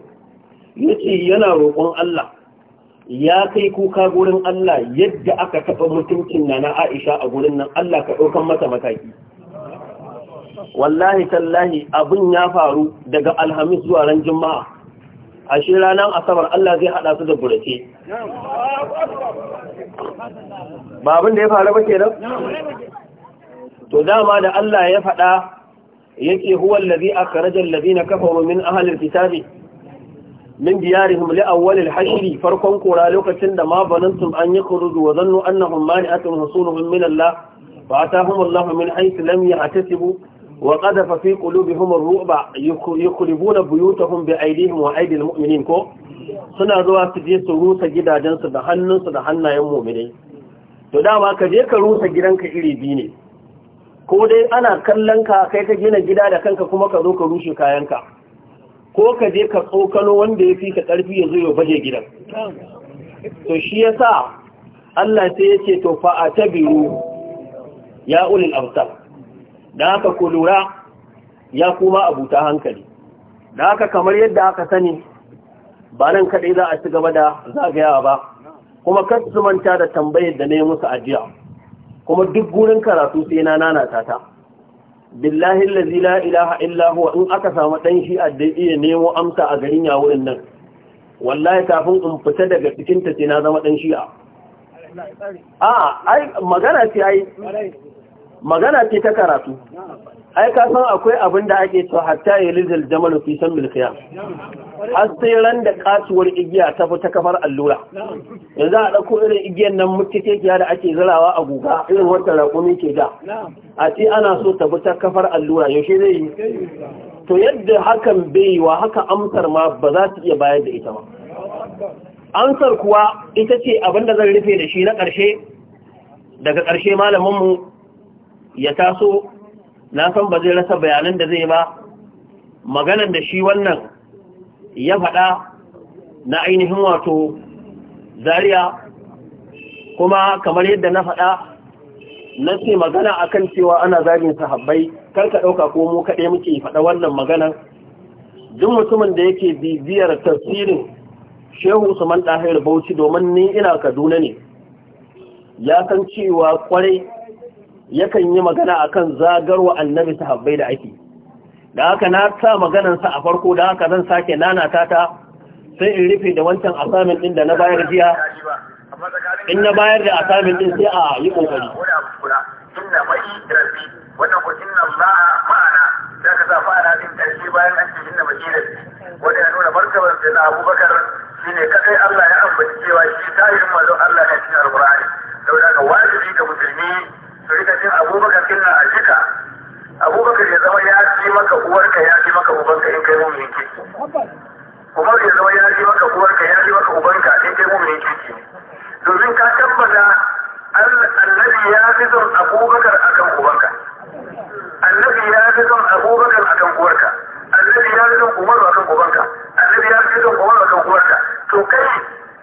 yace yana roƙon allah ya kai kuka gurin allah yadda aka taɓa mutuncin Nana aisha a gurin nan allah ka ɗaukan mata mataki wallahi tallahi abin ya faru daga alhamis zuwa ran juma'a a shi ranar asabar Allah zai hada su da burace ba abin da ya faru ba ke nan? to dama da Allah ya faɗa yake huwa allazi akhraja allazina kafaru min ahli alkitabi min diyarihim li awwal alhashr farkon kora lokacin da ma banantum an yakhruju wa dhannu annahum mani'atun hasunuhum min Allah fa atahum Allah min haythu lam yahtasibu wa qadafa fi qulubihim ar-ru'ba yuqlibuna buyutahum bi aydihim wa aydi ko suna zuwa su je su rusa gidajensu da hannunsu da hannayen mu'minai to dama ka je ka rusa gidanka iri biyu ne ko dai ana kallon ka kai ka gina gida da kanka kuma ka zo ka rushe kayanka ko ka je ka tsokano wanda ya fi ka ƙarfi ya zo ya baje gidan to shi yasa Allah sai yake to fa atabiru ya ulil absar da haka Kulura lura ya kuma abuta hankali da haka kamar yadda aka sani ba nan kaɗai za a ci gaba da zagayawa ba kuma kasu manta da tambayar da na yi musu ajiya kuma duk gurin karatu sai na nanata ta billahi lazi la ilaha illa in aka samu ɗan shi a da iya nemo amsa a garin yawurin nan wallahi kafin in fita daga cikin ta sai na zama ɗan shi'a a ai magana ce ai magana ce ta karatu ai ka san akwai abin da ake so hatta ya lizal jamalu fi san milkiya har ran da kasuwar igiya ta fi ta kafar allura yanzu a ɗauko irin igiyar nan mutikekiya da ake zarawa a guga irin wata rakumi ke da a ce ana so ta fi ta kafar allura yaushe zai yi to yadda hakan bai wa haka amsar ma ba za su iya bayar da ita ba amsar kuwa ita ce abin da zan rufe da shi na ƙarshe daga ƙarshe mu. ya taso na san ba zai rasa bayanan da zai ba maganar da shi wannan ya faɗa na ainihin wato zariya kuma kamar yadda na faɗa na ce magana akan cewa ana zagin sahabbai kar ka ɗauka ko mu kaɗai muke faɗa wannan maganar duk mutumin da yake bibiyar tafsirin shehu usman ɗahir bauchi domin ni ina kaduna ne ya san cewa kwarai yakan yi magana akan zagarwa annabi sahabbai da ake da haka na sa maganarsa a farko da haka zan sake nanata ta sai in rufe da wancan asamin din da na bayar jiya in na bayar da asamin din sai a yi kokari Allah ya ambaci cewa shi tayin Allah ya cikin alƙur'ani saboda ka wajibi ga musulmi su rika cin abubakar kin a jika abubakar ya zama ya ci maka uwarka ya ci maka ubanka in kai mumin kirki umar ya zama ya ci maka uwarka ya ci maka ubanka in kai mumin kirki domin ka tabbata annabi ya fi son abubakar akan ubanka annabi ya fi son abubakar akan uwarka annabi ya fi son umar akan ubanka annabi ya fi son umar akan uwarka to kai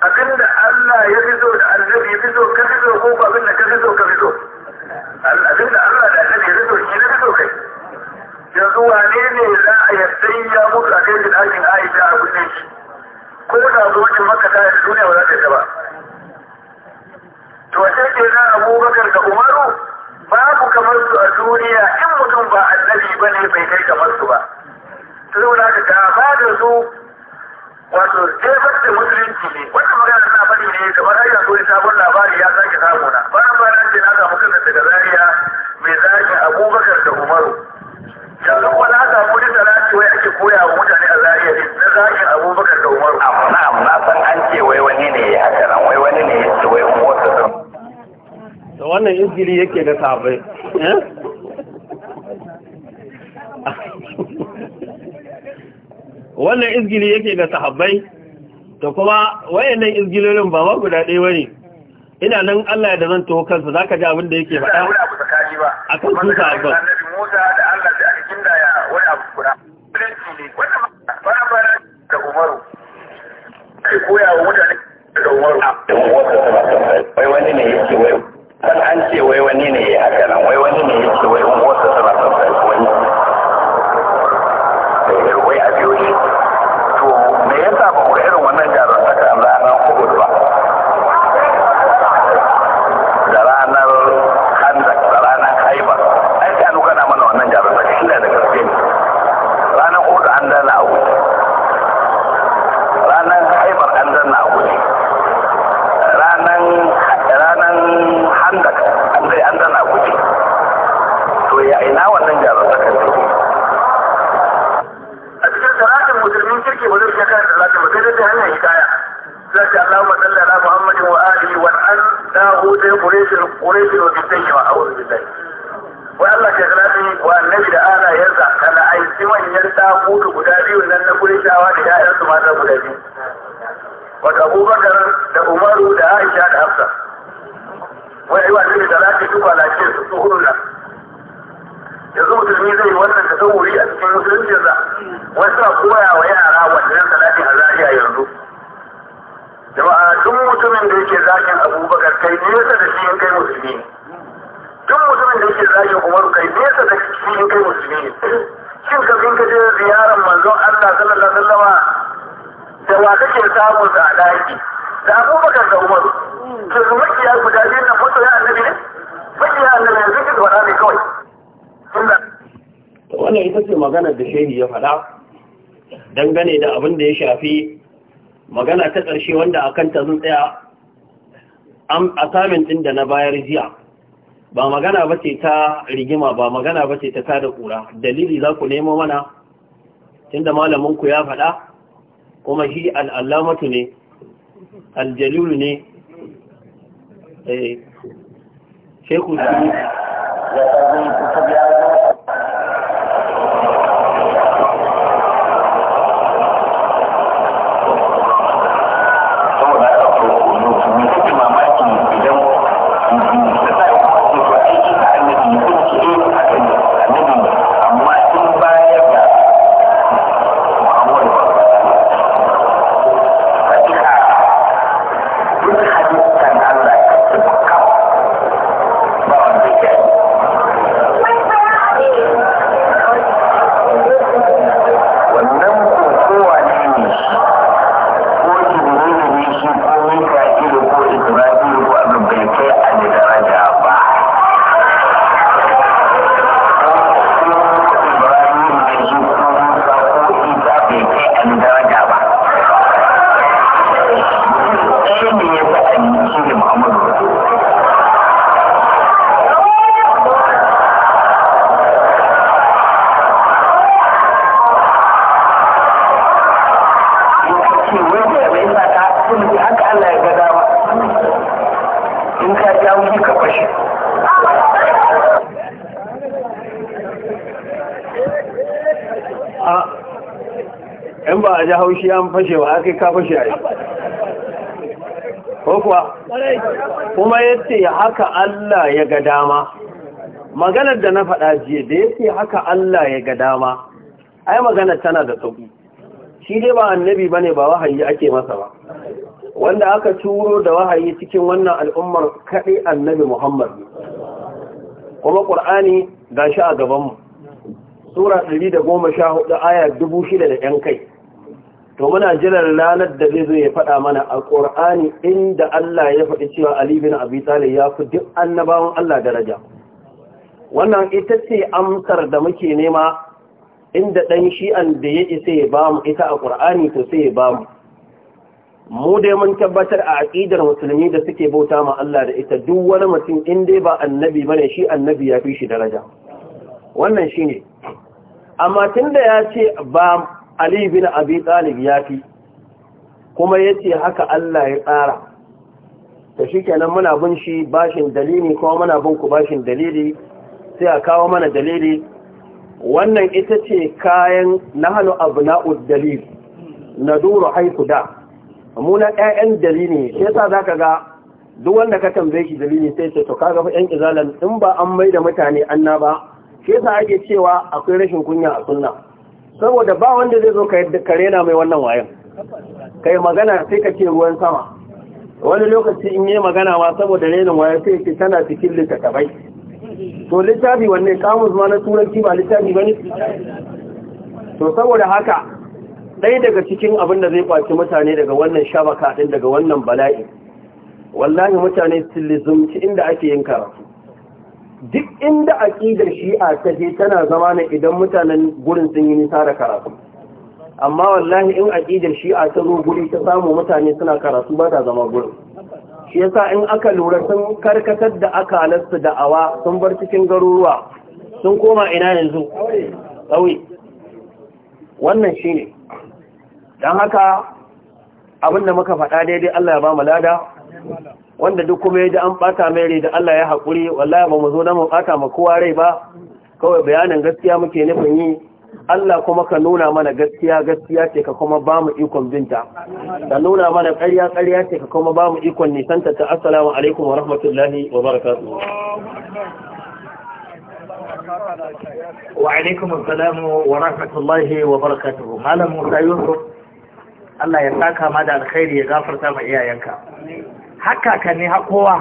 abinda Allah ya fi so da annabi ya fi so ka fi so ko abinda ka fi so ka fi so abin da Allah da kan yanzu shi na fito kai yanzu wane ne za a yarda ya mutu a kai da ɗakin Aisha a kunne shi ko da zuwacin maka ta yi duniya ba za ta yi ba to sai ke na abubakar da umaru babu kamar su a duniya in mutum ba annabi ba ne bai kai kamar su ba to saboda ka da ba da su wato jefar da musulunci ne wata magana tana faɗi ne da har yanzu wani sabon labari ya sake samu na bayan bayan ce na samu kansa daga zaria mai zagin abubakar da umaru yanzu wani haka kudi salati wai ake koya wa mutane a zaria ne na zagin abubakar da umaru amma na san an ce wai wani ne ya haka nan wai wani ne ya ce wai wata don. da wannan Injili yake da sabai eh? wannan izgili yake ga sahabbai to kuma wayannan izgilolin ba ma guda ɗaya bane ina nan Allah ya da zan taho kansa zaka ji abin da yake faɗa a kan su sahabban ah, wai wani ne yake wai an ce wai wani ne ya haka nan wai wani ne yake wai dangane da abin da ya shafi magana ta ƙarshe wanda akan ta zun tsaya a samin ɗin da na bayar jiya ba magana ba ce ta rigima ba magana ba ce ta tada ƙura dalili za ku nemo mana tun da malaminku ya faɗa kuma shi al'allamatu ne aljalilu ne eh, shekul shi haka Allah ya ga dama in ka ja wuce ka fashe in ba a ji haushi an fashe ba aka ka fashe a yi ko kuwa kuma yace haka Allah ya ga dama maganar da na faɗa jiya da yace haka Allah ya ga dama ai maganar tana da sauki shi dai ba annabi ba ne ba wahayi ake masa ba wanda aka turo da wahayi cikin wannan al'ummar kaɗai annabi Muhammad kuma ƙur'ani ga shi a gabanmu sura 114 aya 6,000 da ‘yan kai to muna jiran ranar da zai zo ya faɗa mana a ƙur'ani inda Allah ya faɗi cewa Ali bin Abi Talib ya fi duk annabawan Allah daraja wannan ita ce amsar da muke nema inda ɗan shi'an da ya isa ya bamu ita a ƙur'ani to sai ya bamu mu dai mun tabbatar a aƙidar musulmi da suke bauta ma Allah da ita duk wani mutum in dai ba annabi bane shi annabi ya fi shi daraja wannan shine amma da ya ce ba Ali bin Abi Talib ya fi kuma yace haka Allah ya tsara to kenan muna bin shi bashin dalili kuma muna bin ku bashin dalili sai a kawo mana dalili wannan ita ce kayan nahanu abna'ud dalil naduru haythu da muna ƴaƴan dalili shi yasa zaka ga duk wanda ka tambaye shi dalili sai ce to kaga fa ƴan izalan in ba an mai da mutane anna ba shi yasa ake cewa akwai rashin kunya a sunna saboda ba wanda zai zo ka rena mai wannan wayan kai magana sai ka ce ruwan sama wani lokaci in yi magana ma saboda renin wayan sai ce tana cikin littattafai to littafi wanne kamus ma na turanci ba littafi bane to saboda haka ɗaya daga cikin abin da zai ƙwaci mutane daga wannan shabaka ɗin daga wannan bala'i wallahi mutane su lizumci inda ake yin karatu duk inda aƙidar shi'a ta je tana zama na idan mutanen gurin sun yi nisa da karatu amma wallahi in aƙidar shi'a ta zo guri ta samu mutane suna karatu ba ta zama gurin shi yasa in aka lura sun karkatar da akalarsu da awa sun bar cikin garuruwa sun koma ina yanzu ƙauye wannan ne. don haka abinda muka faɗa daidai Allah ya ba mu lada wanda duk kuma ya ji an ɓata mai rai da Allah ya haƙuri wallahi ba mu zo na mu ɓata ma kowa rai ba kawai bayanin gaskiya muke nufin yi Allah kuma ka nuna mana gaskiya gaskiya ce ka kuma ba mu ikon binta ka nuna mana ƙarya ƙarya ce ka kuma ba mu ikon nisanta ta assalamu alaikum wa rahmatullahi wa barakatuhu wa alaikum assalamu wa rahmatullahi wa barakatuhu malam Musa Yusuf Allah ya saka ma da alkhairi ya gafarta ma iyayenka haka ka ne hakowa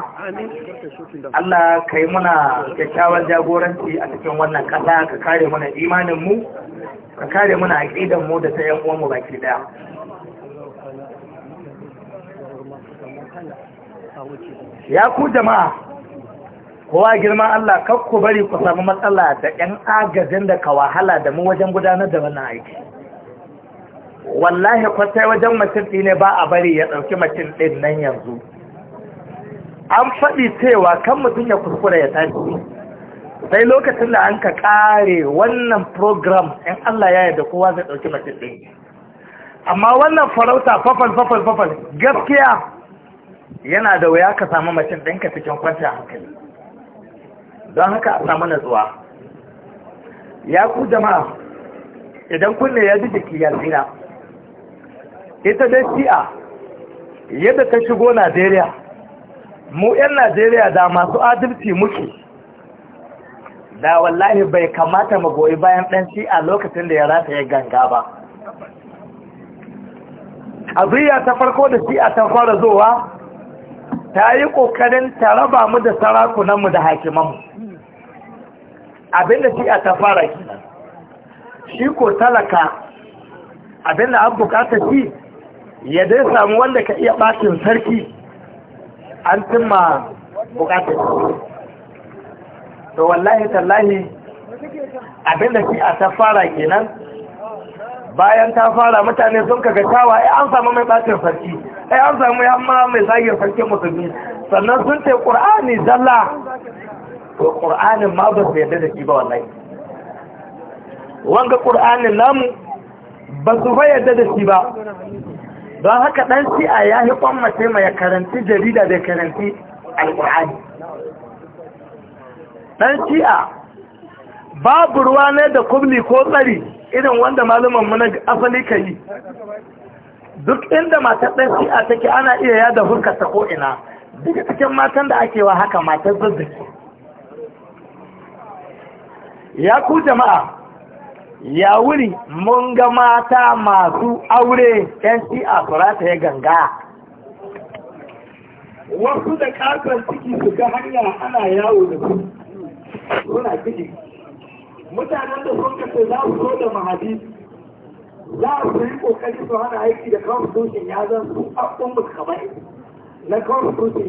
Allah ka yi muna kyakkyawan jagoranci a cikin wannan kasa ka kare muna imanin mu ka kare muna aƙidan mu da ta yan uwan mu baki daya ya ku jama'a kowa girma Allah ku bari ku samu matsala da yan agajin da ka wahala da mu wajen gudanar da wannan aiki wallahi kwasai wajen mutum ne ba a bari ya ɗauki mutum ɗin nan yanzu an faɗi cewa kan mutum ya kuskure ya tafi. sai lokacin da an ka ƙare wannan program in Allah ya yarda kowa zai ɗauki mutum ɗin amma wannan farauta fafal fafal fafal gaskiya yana da wuya ka samu mutum ɗinka cikin kwanciyar hankali don haka a samu natsuwa ya ku jama'a idan kunne ya ji jiki ya tsira ita dai shi'a yadda ta shigo najeriya mu 'yan najeriya da masu adalci muke da wallahi bai kamata mu goyi bayan ɗan shi'a lokacin da ya rata ya ganga ba abriya ta farko da shi'a ta fara zowa ta yi ƙoƙarin ta raba mu da sarakunanmu da hakimanmu abinda shi'a ta fara shi ko talaka abinda an bukata shi ya dai samu wanda ka iya ɓacin sarki an cimma bukatar to wallahi tallahi abinda shi a ta fara kenan bayan ta fara mutane sun kaga tawa ai eh, an samu mai ɓacin sarki ai eh, an samu yamma mai zagin sarki musulmi sannan sun ce ƙur'ani zalla to ƙur'anin ma ba su yarda da shi ba wallahi wanga ƙur'anin namu ba su fa yadda da shi ba don haka ɗan shi'a ya yi kwammace mai karanti jarida da karanci alƙur'ani ɗan shi'a babu ruwa ne da kubli ko tsari irin wanda malaman mu na asali ka yi duk inda matar ɗan shi'a take ana iya yada hurkarta ko ina duk cikin matan da ake wa haka matar zazzaki ya ku jama'a ya wuri mun ga mata masu aure yan shi'a surata ya ganga wasu da ƙasar ciki su ga hanya ana yawo da su suna ciki mutanen da sun kasa za su zo da mahadi za su yi kokari su hana aiki da constitution ya zan su a kuma kamar na constitution